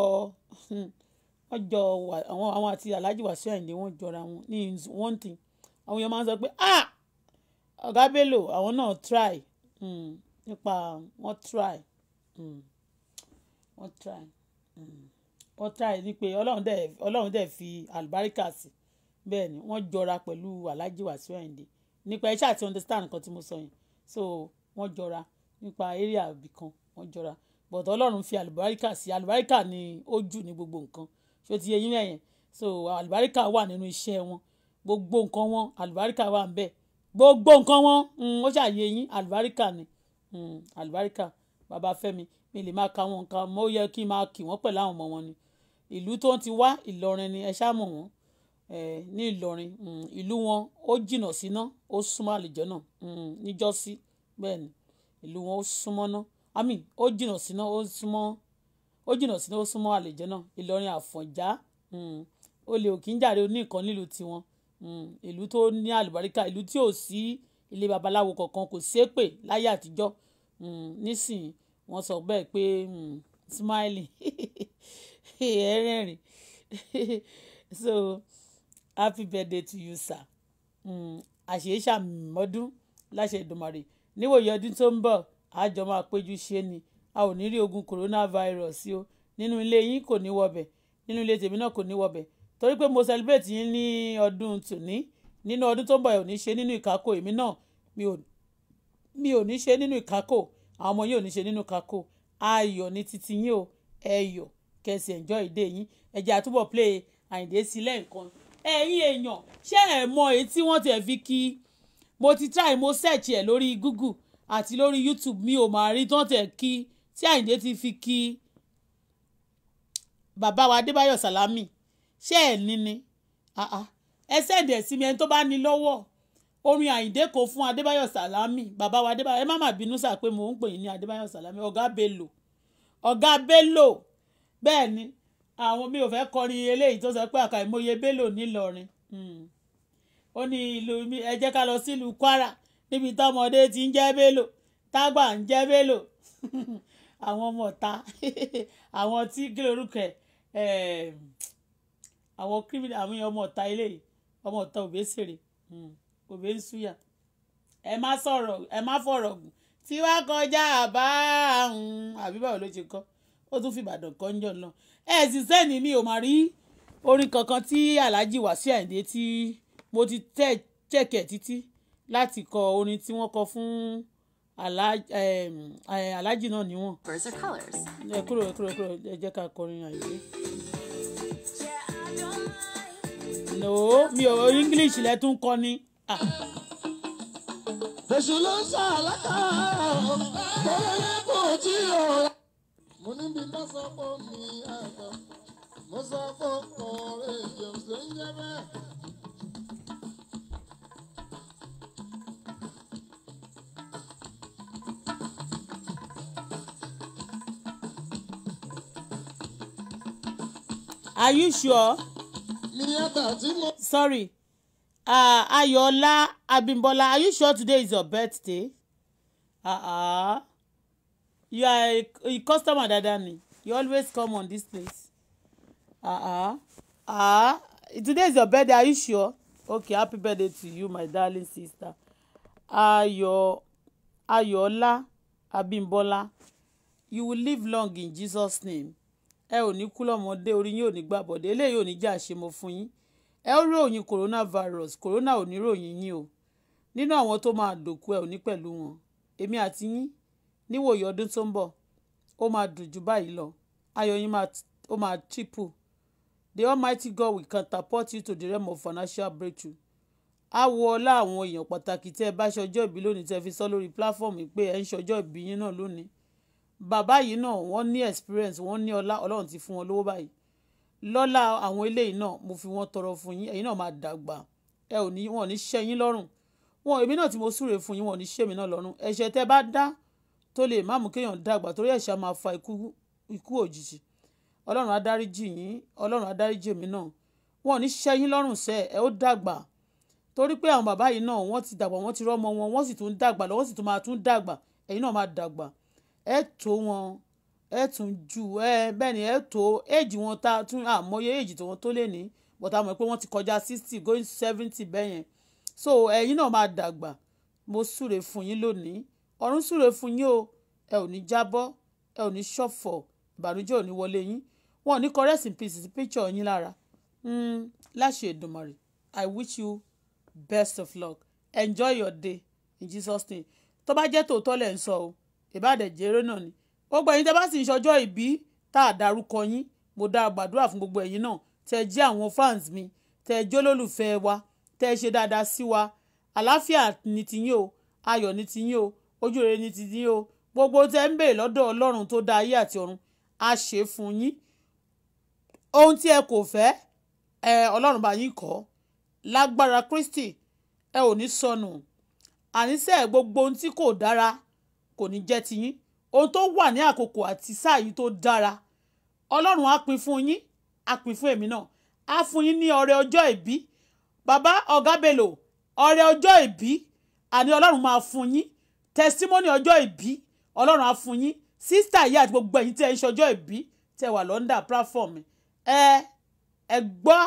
wọ́n jọ àwọn àwọn àti Alhaji Wasiu Ayinde wọ́n jọra wọn ní one thing àwọn èèyàn máa ń sọ pé ah ọ̀gá Bello àwọn náà try hmm, nípa wọ́n try hmm, wọ́n try. Mm wọ́n try ní pé ọlọ́run dẹ̀ ọlọ́run fi àlùbáríkà sí bẹ́ẹ̀ ni wọ́n jọra pẹ̀lú Alhaji Wasiu Ayinde nípa ẹ ti understand nǹkan tí mo sọ yẹn so wọ́n jọra nípa area ibì kan wọ́n jọra but ọlọ́run fi àlùbáríkà sí àlùbáríkà ni ó jù ní gbogbo nǹkan ṣó ti yẹ yín so àlùbáríkà wà nínú iṣẹ́ wọn gbogbo nǹkan wọn àlùbáríkà wà ń bẹ̀ gbogbo nǹkan wọn mm, ó ṣàyẹ yín àlùbáríkà ni mm, àlùbáríkà bàbá Fẹ́mi mi lè máa ka wọn nǹkan mo yẹ kí n máa kì wọ́n pẹ̀lú àwọn ọmọ wọn ni ìlú tó ń ti wá ìlọrin ni ẹ ṣáà mọ̀ wọ́n ní ìlọrin mm, ìlú wọn ó jìnnà síná ó súnmọ́ àlùjọ náà mm, níjọ́sí bẹ́ẹ̀ ni ìlú wọn ó súnmọ́ náà àmì ó jìnnà síná ó súnmọ́ ó jìnnà síná ó súnmọ́ àlùjọ náà ìlọrin àfọ̀njá mm, olè òkì ń jàre oníkan nílùú tiwọn ìlú tó ní àlùbáríkà ìlú tí ò sí ilé babaláwo kankan kò ṣépè láyé àtijọ́ nísìnyí wọ́n sọ bẹ́ẹ̀ pé smiling ẹrẹ́rìn so happy birthday to you sir hmm, àṣeéṣà mọ́dún láṣẹ ìdùnmọ̀rè níwòye ọdún tó ń bọ̀ àjọ máa péjú ṣe ni a ò ní rí ogun coronavirus o nínú ilé yín kò ní wọbẹ̀ nínú ilé tèmi náà kò ní wọbẹ̀ torí pé mo celebrate yín ní ọdún tòní nínú ọdún tó ń bọ̀ ẹ̀ ò ní ṣe nínú ìkákò èmi náà mi ò ní ṣe nínú ìkákò àwọn ọmọ yìí ò ní ṣe nínú ìkákò ayọ̀ ní titi yín o ẹ̀yọ̀ kẹsì enjoy day yín ẹ̀jẹ̀ àtúbọ̀ play àyìndé sí lẹ́ẹ̀kan ẹ̀yin èèyàn ṣé ẹ̀ mọ èyí tí wọ́n tẹ̀ fi kí mo ti try mo search ẹ̀ lórí google àti lórí youtube mi ò máa rí tán tẹ̀ kí tí àyìndé ti fi kí bàbá wa adébáyọ̀ sálámì ṣé ẹ̀ ní ẹ sẹ́ẹ̀dẹ̀ sí mi ẹni tó bá ní lọ́wọ́ orin àyìndé kò fún adébáyọ̀ sálámì bàbá wa adébáyọ̀ ẹ má má bínú sáà pé mò ń pè yín ní adébáyọ̀ sálámì ọ̀gá bello ọ̀gá bello bẹ́ẹ̀ ni àwọn mi ò fẹ́ kọrin eléyìí tó sọ pé àkàìmọye bello nílọrin hmm. ó ní ìlú mi ẹ jẹ́ ká lọ kwara níbi tọ́mọdé ti ń jẹ́ bélò tágbà ń jẹ́ bélò àwọn ọmọ àwọn tí kí ehm, àwọn kírímìnà àwọn hmm, ẹ má sọ̀rọ̀ ẹ ó tún fi ìbàdàn kọ́ńjọ náà ẹ sì sẹ́ni mi ò máa rí orin kankan tí alhaji wàsíù àyìndé tí mo ti tẹ̀ chẹ́kẹ̀ títí láti kọ orin tí wọ́n kọ fún eh, alhaji náà níwọ̀n. ẹ kúrò ẹ kúrò ẹ kúrò ẹ jẹ́ ká kọrin àyìndé. no mi ò english lẹ tún kọ ni. Ah. èṣù ló ń sàlákà ọ̀rẹ́ kò tí ì rọra mo níbi lásọpọ̀ mi àgbà mo sọ pé kò rè ṣe ń jẹ bẹ́ẹ̀. Are you sure? Sorry. Uh, Ayola Abimbola, are you sure today is your birthday? Uh-uh you are a, a customer dáadáa ni you always come on this place ah ah ah today is your birthday are you sure okay happy birthday to you my darling sister ayọ̀ ayọ̀ọ́lá abímbọ́lá you will live long in jesus name ẹ ò ní kú lọ́mọdé orí yín ò ní gbàbọ̀dé eléyìí ò ní jẹ́ àṣemọ fún yín ẹ ó ròyìn coronavirus corona ò ní ròyìn yín o nínú àwọn tó máa dòkú ẹ ò ní pẹ̀lú wọn èmi àti yín níwòyí ọdún tó ń bọ̀ ó máa dùn jù báyìí lọ ayọ̀ yín ó máa triple the almighty God will can support you to the realm of financial breakthrough á wo ọlá àwọn èèyàn pàtàkì tẹ́ ẹ bá ṣọjọ́ ìbí lónìí tẹ́ fi sọ lórí platform pé ẹ ń ṣọjọ́ ìbí yín náà lónìí bàbá yìí náà wọ́n ní experience wọ́n ní ọlá ọlọ́run ti fún wọn lówó báyìí lọ́lá àwọn eléyìí náà mo fi wọ́n tọrọ fún yín ẹ̀yin náà máa dàgbà ẹ ò ní wọn ò ní ṣẹ́ lọ́rùn wọn èmi náà tí mo súre fún yín wọn ò ní ṣẹ́ náà lọ́rùn ẹ̀ṣẹ̀ tẹ́ bá dá tó lè má mú kéèyàn dàgbà torí ẹ̀ṣẹ̀ máa fa ikú òjijì ọlọ́run adáríjì yín ọlọ́run adáríjì mi náà wọn ò ní ṣẹ́ yín lọ́rùn sẹ́ ẹ ó dàgbà torí pé àwọn bàbá yìí náà wọ́n ti dàgbà wọ́n ti rọ́mọ wọn wọ́n sì tún dàgbà lọ́wọ́ sì tún máa tún dàgbà ẹ̀yin náà máa dàgbà ẹ tó wọn ẹ tún ju ẹ bẹ́ẹ̀ ni ẹ tó éèjì wọn ta tún àmọye éèjì tí wọ́n tó lè ní bọ̀tà mọ̀ pé wọ́n ti kọjá sixty going seventy bẹ́ẹ̀ so ẹ̀yin náà máa dàgbà mo súre fún yín lónìí ọ̀run súre fún yín o ẹ ò ní jábọ́ ẹ ò ní ṣọ̀fọ̀ ìbànújẹ́ ò ní wọlé yín wọn ò ní kọ́ rest in yín lára hmm, láṣẹ Èdùmàrè i wish you best of luck enjoy your day in jesus name tó bá jẹ́ tòótọ́ lẹ̀ ń sọ o ìbádẹ́jẹ́rẹ́ náà ni gbogbo ẹ̀yin tẹ́ bá sì ń ṣọjọ́ ìbí tá a dárúkọ yín mo dá gbàdúrà fún gbogbo ẹ̀yin náà tẹ́ jẹ́ àwọn fans mi tẹ́ jẹ́ olólùfẹ́ wa tẹ́ ṣe dáadáa sí wa àlàáfíà ni tiyín o ayọ̀ ni tiyín o ojú rere ni ti yín o gbogbo tẹ́ ń bèè lọ́dọ̀ ọlọ́run tó dá ayé àti ọ̀run á ṣe fún yín ohun tí ẹ kò fẹ́ ẹ ọlọ́run bá yín kọ́ lágbára Kristi ẹ ò ní sọnù àníṣe gbogbo ohun tí kò dára kò ní jẹ́ ti yín ohun tó wà ní àkókò àti sáà yìí tó dára ọlọ́run á pín fún yín á pín fún èmi náà á fún yín ní ọrẹ ọjọ́ ìbí bàbá ọ̀gá Bello ọrẹ ọjọ́ ìbí àní ọlọ́run máa fún yín testimony ọjọ́ ìbí ọlọ́run á fún yín sísítà yìí àti gbogbo ẹ̀yin tẹ́ ẹ ń ṣọjọ́ ìbí tẹ́ wà lọ́ndà platform ẹ ẹ gbọ́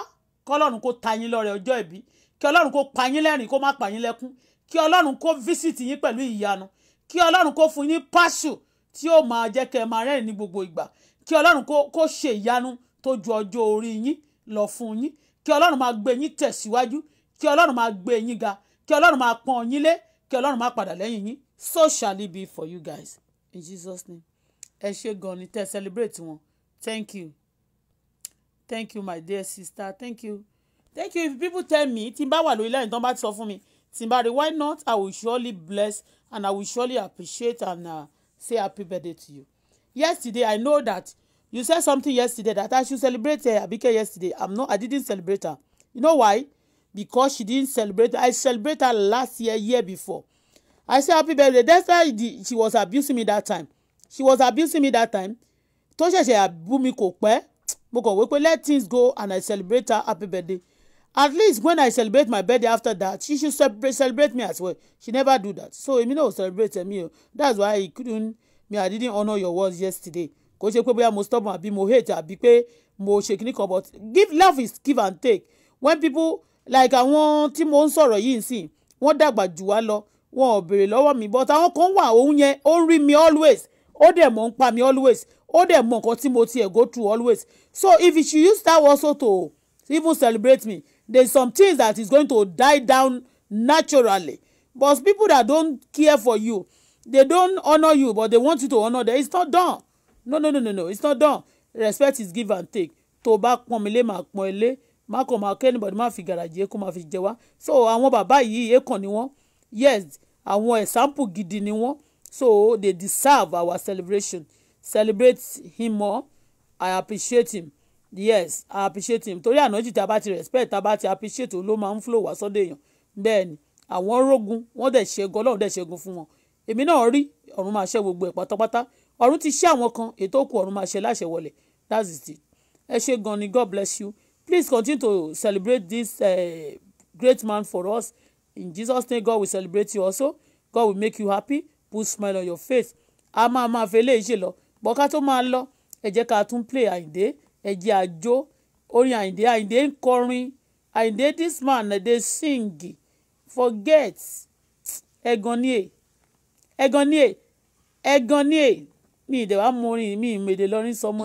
kọ́lọ́run kó ta yín lọ́rẹ ọjọ́ ìbí kí ọlọ́run kó pa yín lẹ́rìn kó má pa yín lẹ́kún kí ọlọ́run kó visit yín pẹ̀lú ìyanu kí ọlọ́run kó fún yín pàṣù tí ó máa jẹ́ kẹ́ ẹ máa rẹ́rìn ní gbogbo ìgbà kí ọlọ́run kó ṣe ìyanu tó ju ọjọ́ orí yín lọ fún yín kí ọlọ́run máa gbé yín tẹ̀síwájú kí ọlọ́run máa gbé yín ga kí ọlọ́run máa pọ́n yín lé kí ọlọ́run máa padà lẹ́yìn yín so shall it be for you guys in Jesus name ẹ ṣe gan ni tẹ́ celebrate wọn thank you thank you my dear sister thank you thank you if people tell me tí n bá wà lórí lẹ́yìn tán bá sọ fún mi tí n bá rí why not I will surely bless and I will surely appreciate and uh, say happy birthday to you yesterday I know that you said something yesterday that I should celebrate uh, Abike yesterday I'm not I didn't celebrate her you know why because she didn't celebrate I celebrate her last year year before I say happy birthday despite the she was abusing me that time she was abusing me that time tó ṣẹ̀ṣẹ̀ àbú mi kò pẹ́ mo kàn wí pé let things go and I celebrate her happy birthday at least when I celebrate my birthday after that she should celebrate, celebrate me as well she never do that so èmi náà celebrate me. that's why I couldn't me I didn't honour your words yesterday kò ṣe pé bóyá mo stubborn àbí mo hate àbí pé mo ṣe kíní kan but give love is give and take when people like àwọn tí mo ń sọ̀rọ̀ yìí ń sìn wọ́n dàgbà jù wá lọ wọn ò béèrè lọ́wọ́ mi but àwọn kan wà òun yẹn ó ń rí mi always ó dẹ̀ mọ̀ ń pa mi always ó dẹ̀ mọ̀ nǹkan tí mo tiẹ̀ go through always so if she use that also to even celebrate me there's some things that is going to die down naturally but people that don't care for you they don't honour you but they want you to honour them it's not done no no no no no it's not done respect is give and take tó o bá pọ́n mi lé màá pọ́n ẹ lé má kàn máa kẹ́ anybody má fi gàràjì kó má fi jẹ wá so àwọn bàbá yìí èèkàn ni wọ́n yes àwọn example gidi ni wọ́n so they deserve our celebration celebrate him more i appreciate him yes i appreciate him torí ànájì tá a bá respect tá a appreciate òun ló máa ń flow wá sọ́dọ̀ èèyàn bẹ́ẹ̀ ni àwọn rógun wọ́n dẹ̀ ṣẹ́gun ọlọ́run dẹ̀ ṣẹ́gun fún wọn èmi náà rí ọ̀run máa ṣẹ́ gbogbo ẹ̀ pátápátá ọ̀run ti ṣẹ́ àwọn kan ètò òkú ọ̀run máa ṣe láṣẹ wọlé that's it ẹ ṣe gan ni god bless you please continue to celebrate this uh, great man for us in jesus name god will celebrate you also god will make you happy put smile on your face a máa máa fẹ́ léyìí ṣe lọ bọ́ ká tó máa lọ ẹ jẹ́ ká tún play àyìndé ẹ àjò orin àyìndé àyìndé ń kọrin àyìndé this man dey sing forget ẹ̀gàn ni è ẹ̀gàn ni è ẹ̀gàn ni è mi ìdẹ̀wà mọ orin mi ìmèdè lọ́rin sọmọ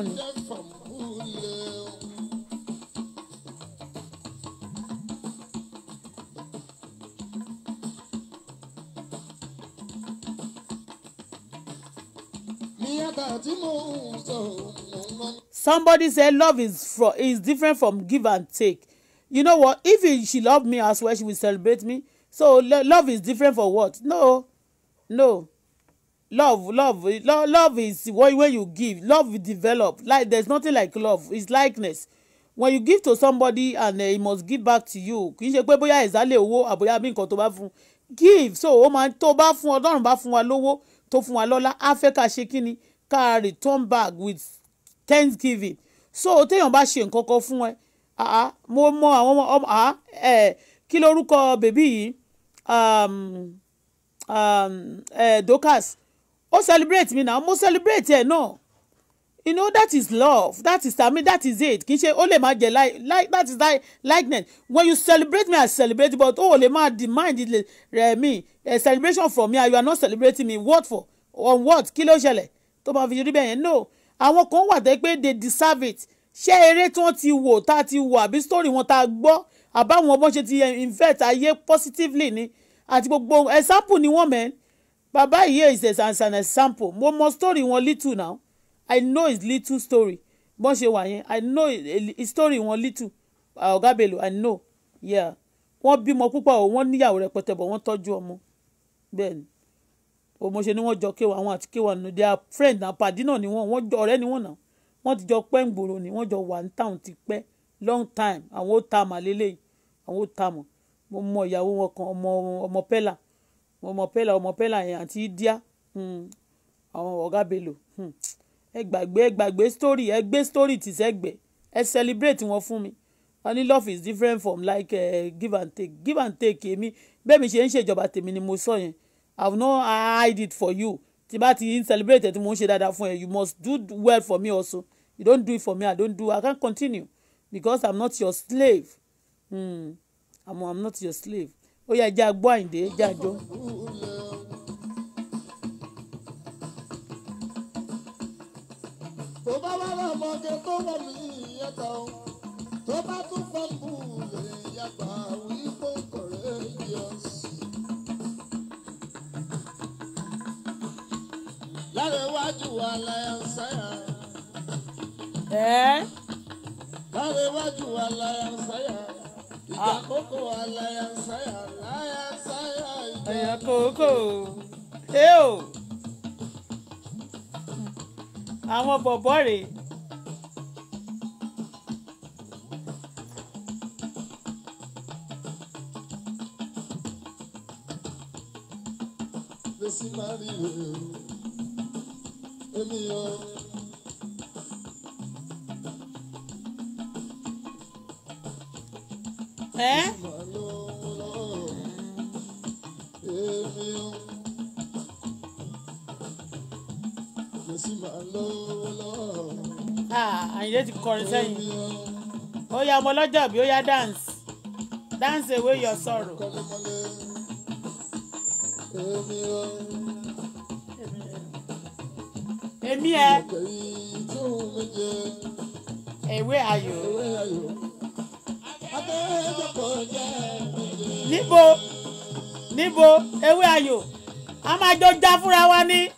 Somebody said love is from is different from give and take. You know what? If she loved me as well, she will celebrate me. So love is different for what? No, no. Love, love, love, love is what when you give. Love develop. Like there's nothing like love. It's likeness. When you give to somebody and uh, he must give back to you. Kì í ṣe pé bóyá ìsàlẹ̀ owó àbóyá bí nǹkan tó bá fún. Give so ó máa tó bá fún Ọlọ́run bá fún wa lówó tó fún wa lọ́lá á fẹ́ ká ṣe kí ni ká return back with thanksgiving so téèyàn bá ṣe nǹkan kan fún ẹ ah mo mọ àwọn ọmọ ah ẹ kí lorúkọ bèbí yìí um, um, eh, Dorcas ó celebrate mi náà mo celebrate ẹ náà you know that is love that is i mean that is it kì í ṣe ó lè máa jẹ like like that is like likeness when you celebrate me i celebrate but ó lè máa demand rẹ mi celebration from me you are not celebrating me what for on what kí ló ṣẹlẹ̀ tó máa fi ṣe rí bẹ́ẹ̀ yẹn no àwọn kan wà tẹ́ pé they deserve it ṣé eré tí wọ́n ti wò tá a ti wò àbí story wọn tá a gbọ́ àbáwọn bọ́n ṣe ti eh, invest ayé positively ni àti gbogbo example ni wọ́n mẹ́n bàbá yìí is an example mo mọ story wọn little now i know his little story bọ́n ṣe wà yẹn i know his story wọn little ọ̀gá Bello i know yeah wọ́n bímọ púpọ̀ wọ́n níyàwó rẹpẹtẹ bọ̀ wọ́n tọ́jú ọmọ bẹ́ẹ̀ ni o mo ṣe ni wọ́n jọ kéwà àwọn àti kéwà nù their friend na pàdí náà ni wọ́n wọ́n jọ ọ̀rẹ́ ni wọ́n náà wọ́n ti jọ pẹ́ ń gbòòrò ni wọ́n jọ wà ní town ti pẹ́ long time àwọn ó ta àmà lélẹ́yìí àwọn ó ta àmọ̀ mo mọ ìyàwó wọn kan ọmọ ọmọ pẹ́là ọmọ pẹ́là ọmọ pẹ́là yẹn àti díà hmm. àwọn ọ̀gá belò hmm. ẹ gbàgbé ẹ gbàgbé story ẹ gbé story ti sẹ́gbẹ̀ ẹ celebrate wọn fún mi wọn ní love is different from like uh, give and take give and take èmi bẹ́ẹ̀ mi ṣe ń ṣèjọba tèmi ni mo sọ yẹn I no hide it for you tí bá ti ń celebrate tí mo ń ṣe dáadáa fún ẹ you must do well for me also you don't do it for me I don't do I can continue because I'm not your slave hmm. I'm, I'm not your slave ó yá ẹja gbọ́ àyìndé ẹja jó. tó bá wà lọ́mọdé tó wọ̀ mí ìyàtọ̀ tó bá tún fẹ́ mú ìyàtọ̀ àwọn lárẹ̀wájú aláyànsáyà. ẹ́. lárẹ̀wájú aláyànsáyà. ìjà kókó aláyànsáyà aláyànsáyà ìjà. ẹ̀yà kókó ẹ o àwọn bọ̀bọ̀ rèé. desse marinheiro ènìyàn. ẹ. àyìnlé ti kọrin sẹ́yìn ó yá ọmọ ọlọ́jọ́ bí ó yá dance dance away your sorrow èmi ẹ ewé ayò níbo níbo ewé ayò a máa jọ já fúnra wa ní.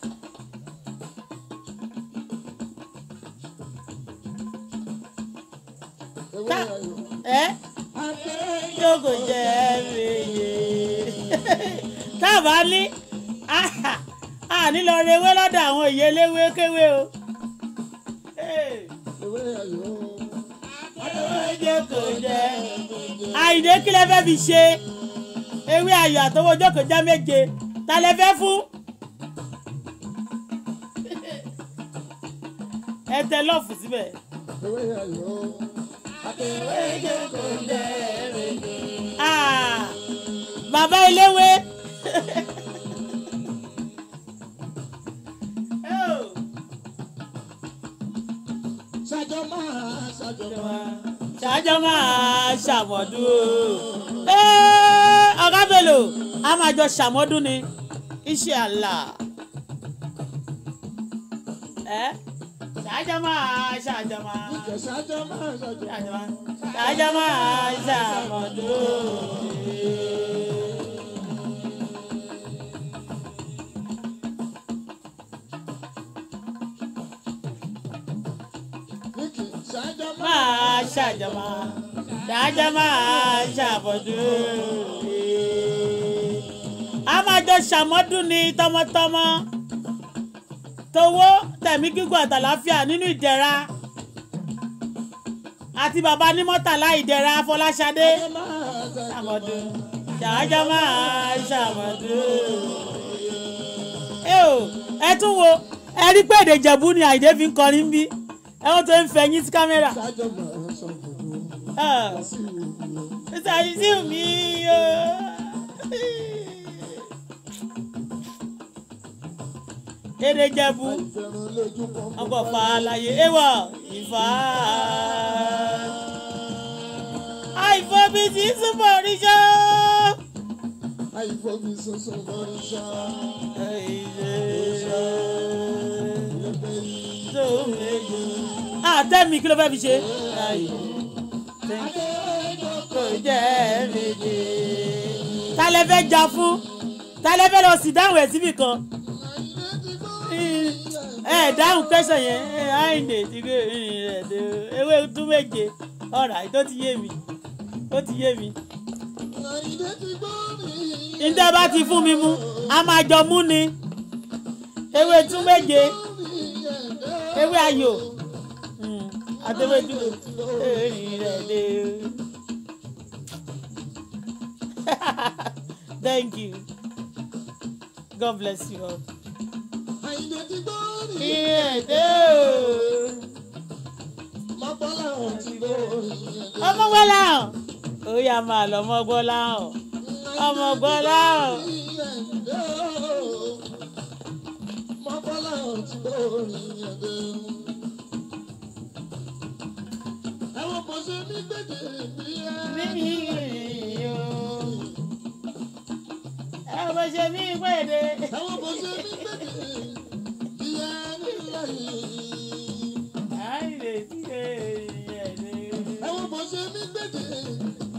yé léwé kéwé o. àyìndé kí lẹ fẹ́ fi ṣe ewé ayọ̀ àtọwọ́ ọjọ́ kọjá méje ta lẹ fẹ́ fún. ẹ tẹ lọ́ọ̀fù síbẹ̀. Ah, bàbá eléwé. ṣàjọmọ́ ṣàjọmọ́ ṣàjọmọ́ ṣàmọ́dún o. ọ̀gá Bello a máa jọ ṣàmọ́dún ni iṣẹ́ àlà. ṣàjọmọ́ ṣàjọmọ́ ṣàjọmọ́ ṣàjọmọ́ o. ṣàjọmọ ṣàjọmọ ṣàbọdún a máa jọ ṣàmọ́dún ní tọmọtọmọ towó tẹ̀mí gígùn àtàláfíà nínú ìdẹ̀ra àti bàbá nímọ́tàlá ìdẹ̀ra Fọláṣadé ṣàmọ́dún ṣàjọmọ ṣàmọ́dún ẹ tún wo ẹ rí pé èdè Ìjẹ̀bú ni Àyìndé fi ń kọrin bí ẹ wọ́n tó ń fẹ̀yìn sí kámẹ́rà. ṣàjọmọ́ it's ṣàyẹ̀sí mi o. Ere jẹbu, ọkọ̀ fà á láyé, ewọ̀ ìfà á àìfọbi tí ń súnmọ́ oríṣà. àìfọbi sọ̀sọ̀ oríṣà. oríṣà tó méjì. àtẹ́mi kí ló fẹ́ fi ṣe tí kò jẹ́ mi dé. ta lẹ fẹ́ fún ta lọ sí dáhùn ẹ̀ síbì kan ẹ dáhùn kẹsàn yẹn ẹ àìnè ti ewé tún méje ọ̀rà tó ti yé mi tó ti yé mi. ǹjẹ́ bá ti fún mi mú a máa jọ mú ni ewé tún méje ewé ayò àtẹ̀wéjú lórí rẹ̀ lé. Thank you. God bless you all. Àyìnbó ti gbọ́ ní ẹ̀dẹ́ o. Mọ́gbọ́lá ò ti gbọ́ orí rẹ̀ Ọmọgbọ́lá ò. Ó yá máa lọ mọ́gbọ́lá ò. Ọmọgbọ́lá ò. Mọ́gbọ́lá ò ti mo ṣe ní gbèdé mi ò ẹ mo ṣe ní gbèdé. ẹ mo ṣe ní gbèdé bí ẹ nílẹ̀ yìí. àìlè sí ẹ̀ẹ́dẹ́. ẹ mo ṣe ní gbèdé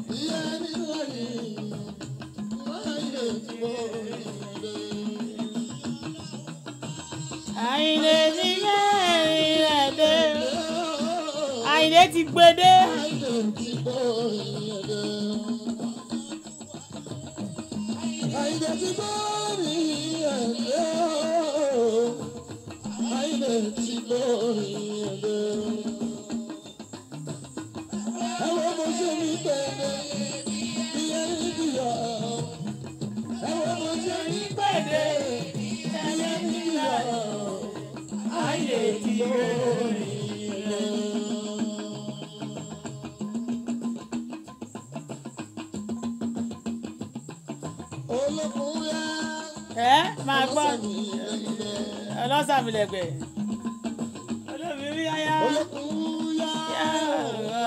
bí ẹ nílẹ̀ yìí. Àyìndé ti gbé dé. Àyìndé ti gbé rí ẹ̀dẹ́ ooo. Àyìndé ti gbé rí ẹ̀dẹ́ ooo. Ẹ wo mo ṣe ní pẹ̀lẹ́ bí ẹni máa gbọ́ ọlọ́sàmì lẹ̀gbẹ̀ olóbìnrin yáyá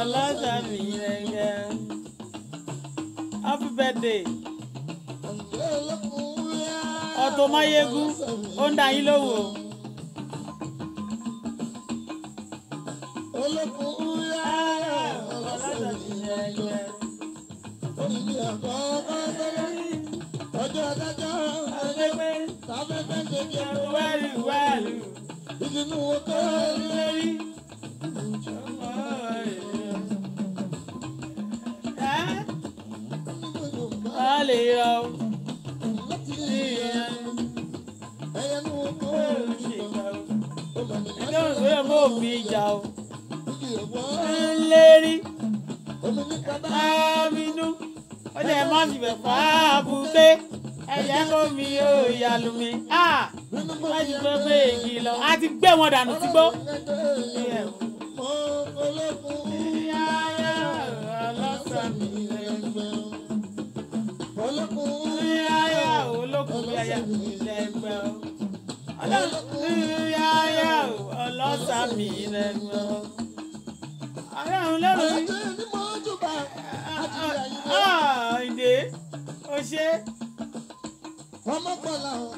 ọlọ́sàmì lẹ̀gbẹ̀ happy birthday Auto Mayegun ó ń dá yín lówó Begin to walk gbọ́. ọlọ́sàmì lẹ́gbẹ́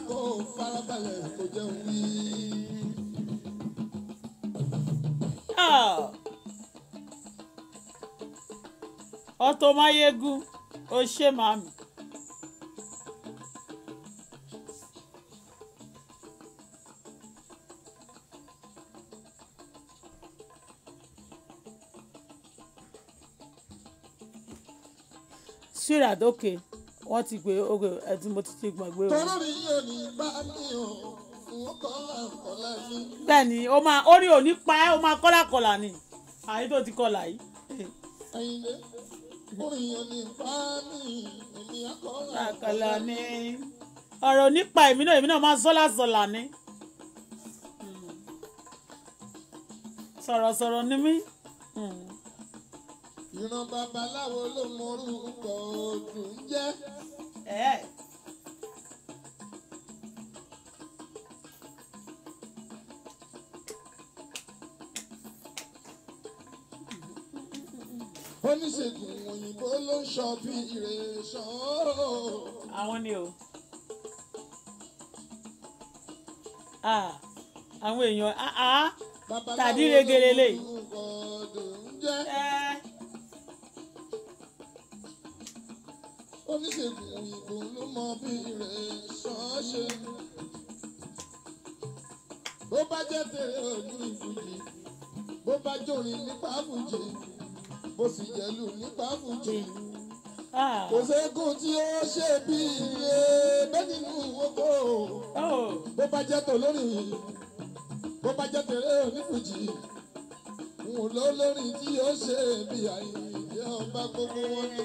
kò farabalẹ̀ kò jẹun yìí. Auto Mayegun ó ṣe màmí. síràdókè wọ́n ti gbé oge ẹtí mo ti ti gbàgbé o. tọ́lọ́rì yóò ní bá mi o bẹ́ẹ̀ ni ó máa orí ò ní pa ẹ́ ó máa kọ́là kọ́là ni àyè tó ti kọ́là yìí. ayíǹde oyin ò ní pa mí èmi akọ́là kọ́là ni. ọ̀rọ̀ ò èmi náà èmi náà máa zọ́là zọ́là ni. sọ̀rọ̀sọ̀rọ̀ ni mí. ìran babaláwo ló mọ orúkọ ọdún jẹ́. oníṣègùn òyìnbó ló ń sọ bí ire sọ. àwọn ni àwọn èèyàn tàbí regere lè. oníṣègùn òyìnbó ló mọ bí ire sọ ṣe. bó bá jẹ́ tèrè òní ìfújì bó bá jórin nípa fújì bó sì jẹ́lù nípa fújì. kò ségun ah. tí ó ṣe bí ilé bẹ́ẹ̀ nínú oko oh. bó bá jẹ́ tó lórí bó bá jẹ́ tèrè onífújì n lọ lórí tí ó ṣe bí àyè ọba gbogbo wọn ni.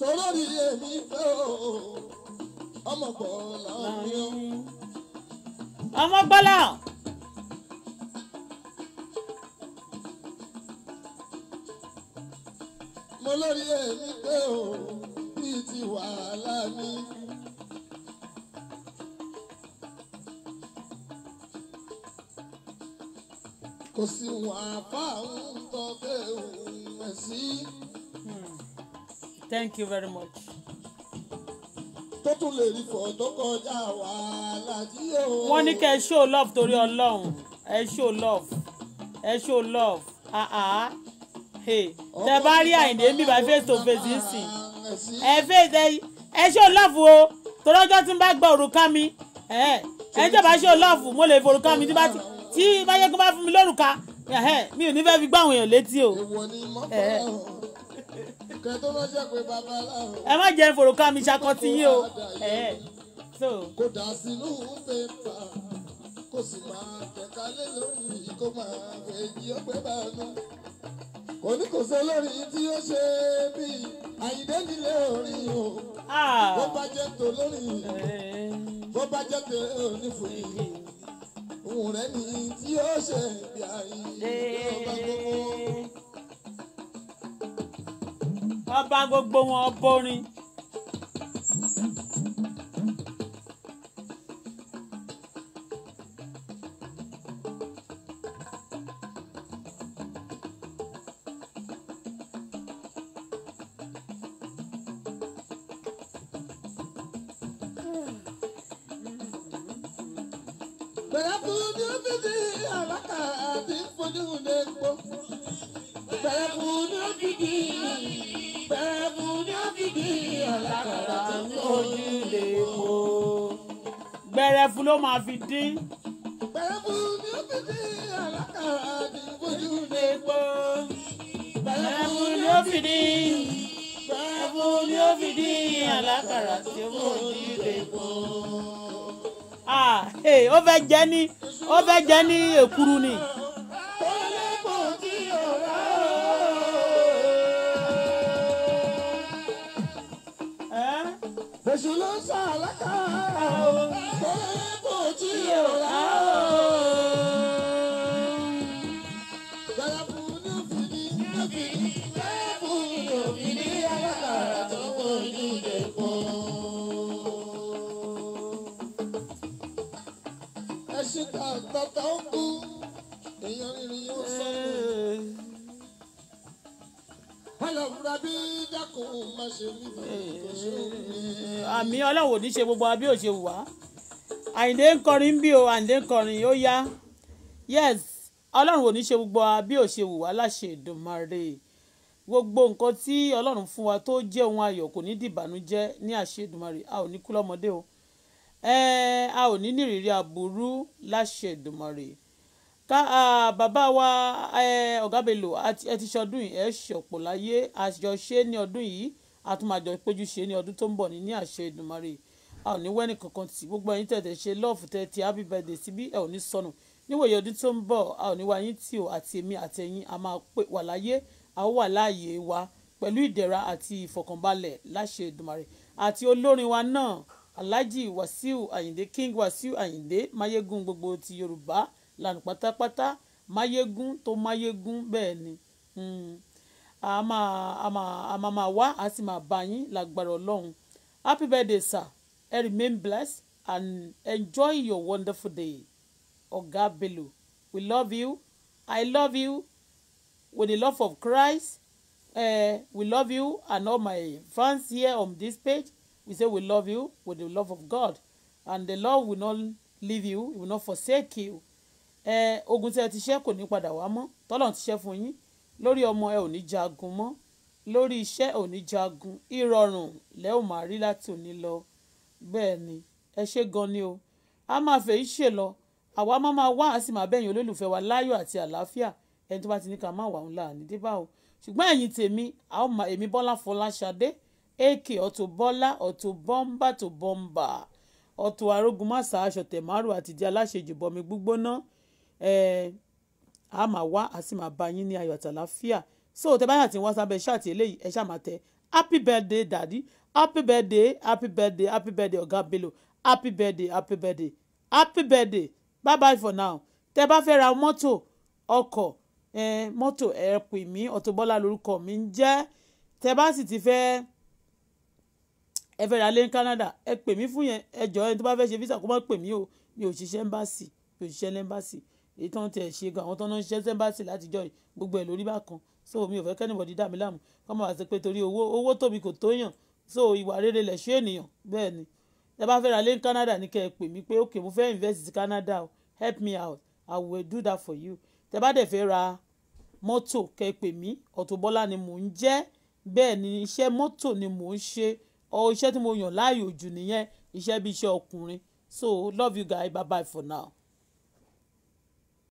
tọ́lọ́rì èmi fẹ́ o ọmọ gbọ́lá mo lórí èmi pé o bíi ti wàhálà mi. kò sí wọn àbá ń tọ́ bẹ́ẹ̀ òun ẹ̀ sí. Hmm. Thank you very much tún lè rí fọ̀ tó kọjá wàhálà tí yóò. wọ́n ní kẹ́ ẹ show love torí ọlọ́run ẹ show love ẹ show love tẹ bá rí àyìndé mi by face to face yìí sí ẹ face ẹ show love o torí ọjọ́ tí n bá gba òrùka mi ẹ jẹ́ bá show love mo lè forúka mi tí bá ti tí bá yẹ kó bá fún mi lórúka mi ò ní fẹ́ fi gbá àwọn èèyàn létí o ẹ má jẹ́ forúkọ mi ṣakọ sí yín o. kò dà sínú pépà kò sì máa tẹ̀ka lórí kó máa fèjì ọgbẹ́ bá a nù. òní kò sọ lórí tí ó ṣe bí àyíndé nílé orí o. bó bá jẹ́ tó lórí bó bá jẹ́ tó onífòyí. òun rẹ̀ ni tí ó ṣe bí àyíndé ọba gbogbo ọba gbogbo wọn ọbọrin. dín. pẹ̀lú mi ó fi dín alákàrà kí n fojú lè pẹ̀lú mi ó fi dín. pẹ̀lú mi ó fi dín alákàrà kí n fojú lè ah, ó fẹ́ jẹ́ ní ó fẹ́ jẹ́ ní èkuru ni. Ah, hey, àmì ọlọ́wọ́ ní ṣe gbogbo abí ò ṣe wù wá àyìndé ń kọrin bí o àyìndé ń kọrin ó yá yes ọlọ́run ò ní ṣe gbogbo abí ò ṣe wù wá láṣẹ Èdùmàrè gbogbo nǹkan tí ọlọ́run fún wa tó jẹ́ ohun ayọ̀ kò ní dìbànújẹ́ ní àṣẹ Èdùmàrè a ò ní kú lọ́mọdé o a ò ní nírìírí aburú láṣẹ Èdùmàrè ká bàbá wa ọ̀gábelò ẹ ti ṣọdún yìí ẹ ṣọ̀pọ̀ láyé àjọṣe ní ọdún yìí a tún máa jọ péjú ṣe ní ọdún tó ń bọ̀ ní ní àṣẹ Èdùmàrè a ò ní wẹ́nì kankan tì gbogbo ẹ̀yin tẹ̀tẹ̀ ṣe lọ́ọ̀fù tẹ̀tẹ̀ happy birthday síbí ẹ̀ ò ní sọnù níwòye ọdún tó ń bọ̀ a ò ní wá yín tì ó àti èmi àti ẹ̀yin a máa pè wà láyé a ó wà láàyè wa pẹ̀lú ìdẹ̀ra àti ìfọ̀kànbalẹ̀ láṣẹ Èdùmàrè àti olórin wa náà Alhaji Wasiu Ayinde King Wasiu Ayinde Mayegun gbogbo ti Yorùbá lànà pátápátá Mayegun tó Mayegun bẹ́ẹ̀ ni. Mm a máa a máa a máa máa wá a sì máa bá yín lágbára ọlọ́run happy birthday sir I remain blessed and enjoy your wonderful day ọ̀gá bello we love you I love you with the love of Christ uh, we love you and all my fans here on this page we say we love you with the love of God and the Lord will not leave you he will not forsake you eh, ogun tí ẹ ti ṣe kò ní padà wá mọ́ tọ́lọ̀ ti ṣe fún yín lórí ọmọ ẹ ò ní jagun mọ́ lórí iṣẹ́ ò ní jagun ìrọ̀rùn lẹ́ ò máa rí láti òní lọ bẹ́ẹ̀ ni ẹ ṣe gan ni o a máa fèyí ṣe lọ àwa máa máa wá àsìmọ̀ abẹ́yìn olólùfẹ́ wa láyọ̀ àti àlàáfíà ẹni tó bá ti ní ká má wà ń là ní débà o ṣùgbọ́n ẹ̀yìn tèmi èmi Bọ́lá Fọláṣadé ak Auto Bọ́lá Auto Bọ́mbà tó bọ́mbà Auto arógunmáṣá aṣọ tẹ̀márù àti aláṣejù bọmi gbígbóná ẹ̀ẹ́ a máa wá a sì máa bá yín ní ayọ̀ àtàláfíà so tẹ báyà tí wọ́n sábẹ́ ṣáàtì eléyìí ẹ ṣáà máa tẹ happy birthday daddy happy birthday happy birthday happy birthday ọ̀gá bello happy birthday happy birthday happy birthday bye bye for now tẹ bá fẹ́ ra mọ́tò ọkọ̀ mọ́tò ẹ pè mí ọ̀tọ̀bọ́lá lórúkọ mi ń jẹ́ tẹ bá sì ti fẹ́ ẹ fẹ́ ra lé ní Canada ẹ pè mí fún yẹn ẹ jọ̀ọ́ ẹni tó bá fẹ́ ṣe visa kó má pè mí o mi ò ṣiṣẹ́ embassy mi ò ṣiṣẹ́ embassy èyí tó ń tẹ̀ ṣe gan àwọn tó ń ná ṣiṣẹ́ sẹ́ńbàṣì látijọ́ yìí gbogbo ẹ̀ lórí bákan so mi ò fẹ́ kẹ́nìbọ̀dì dà mí láàmú kọ́ máa ṣe pé torí owó owó tóbi kò tó yàn so ìwà rere lẹ̀ ṣú ènìyàn bẹ́ẹ̀ ni ẹ bá fẹ́ ra lé ní Canada ní kẹ́ ẹ pè mí pé ok mo fẹ́ invest sí Canada o help me out I will do that for you tẹ bá dẹ̀ fẹ́ ra mọ́tò kẹ́ ẹ pè mí Ọ̀túnbọ́lá ni mò ń jẹ́ bẹ́ẹ̀ ni iṣẹ́ mọ́tò ni mò ń ṣe ọ iṣẹ́ tí mo yàn láàyò jù nìyẹn iṣẹ́ bí iṣẹ́ ọkùnrin so love you guys bye bye for now.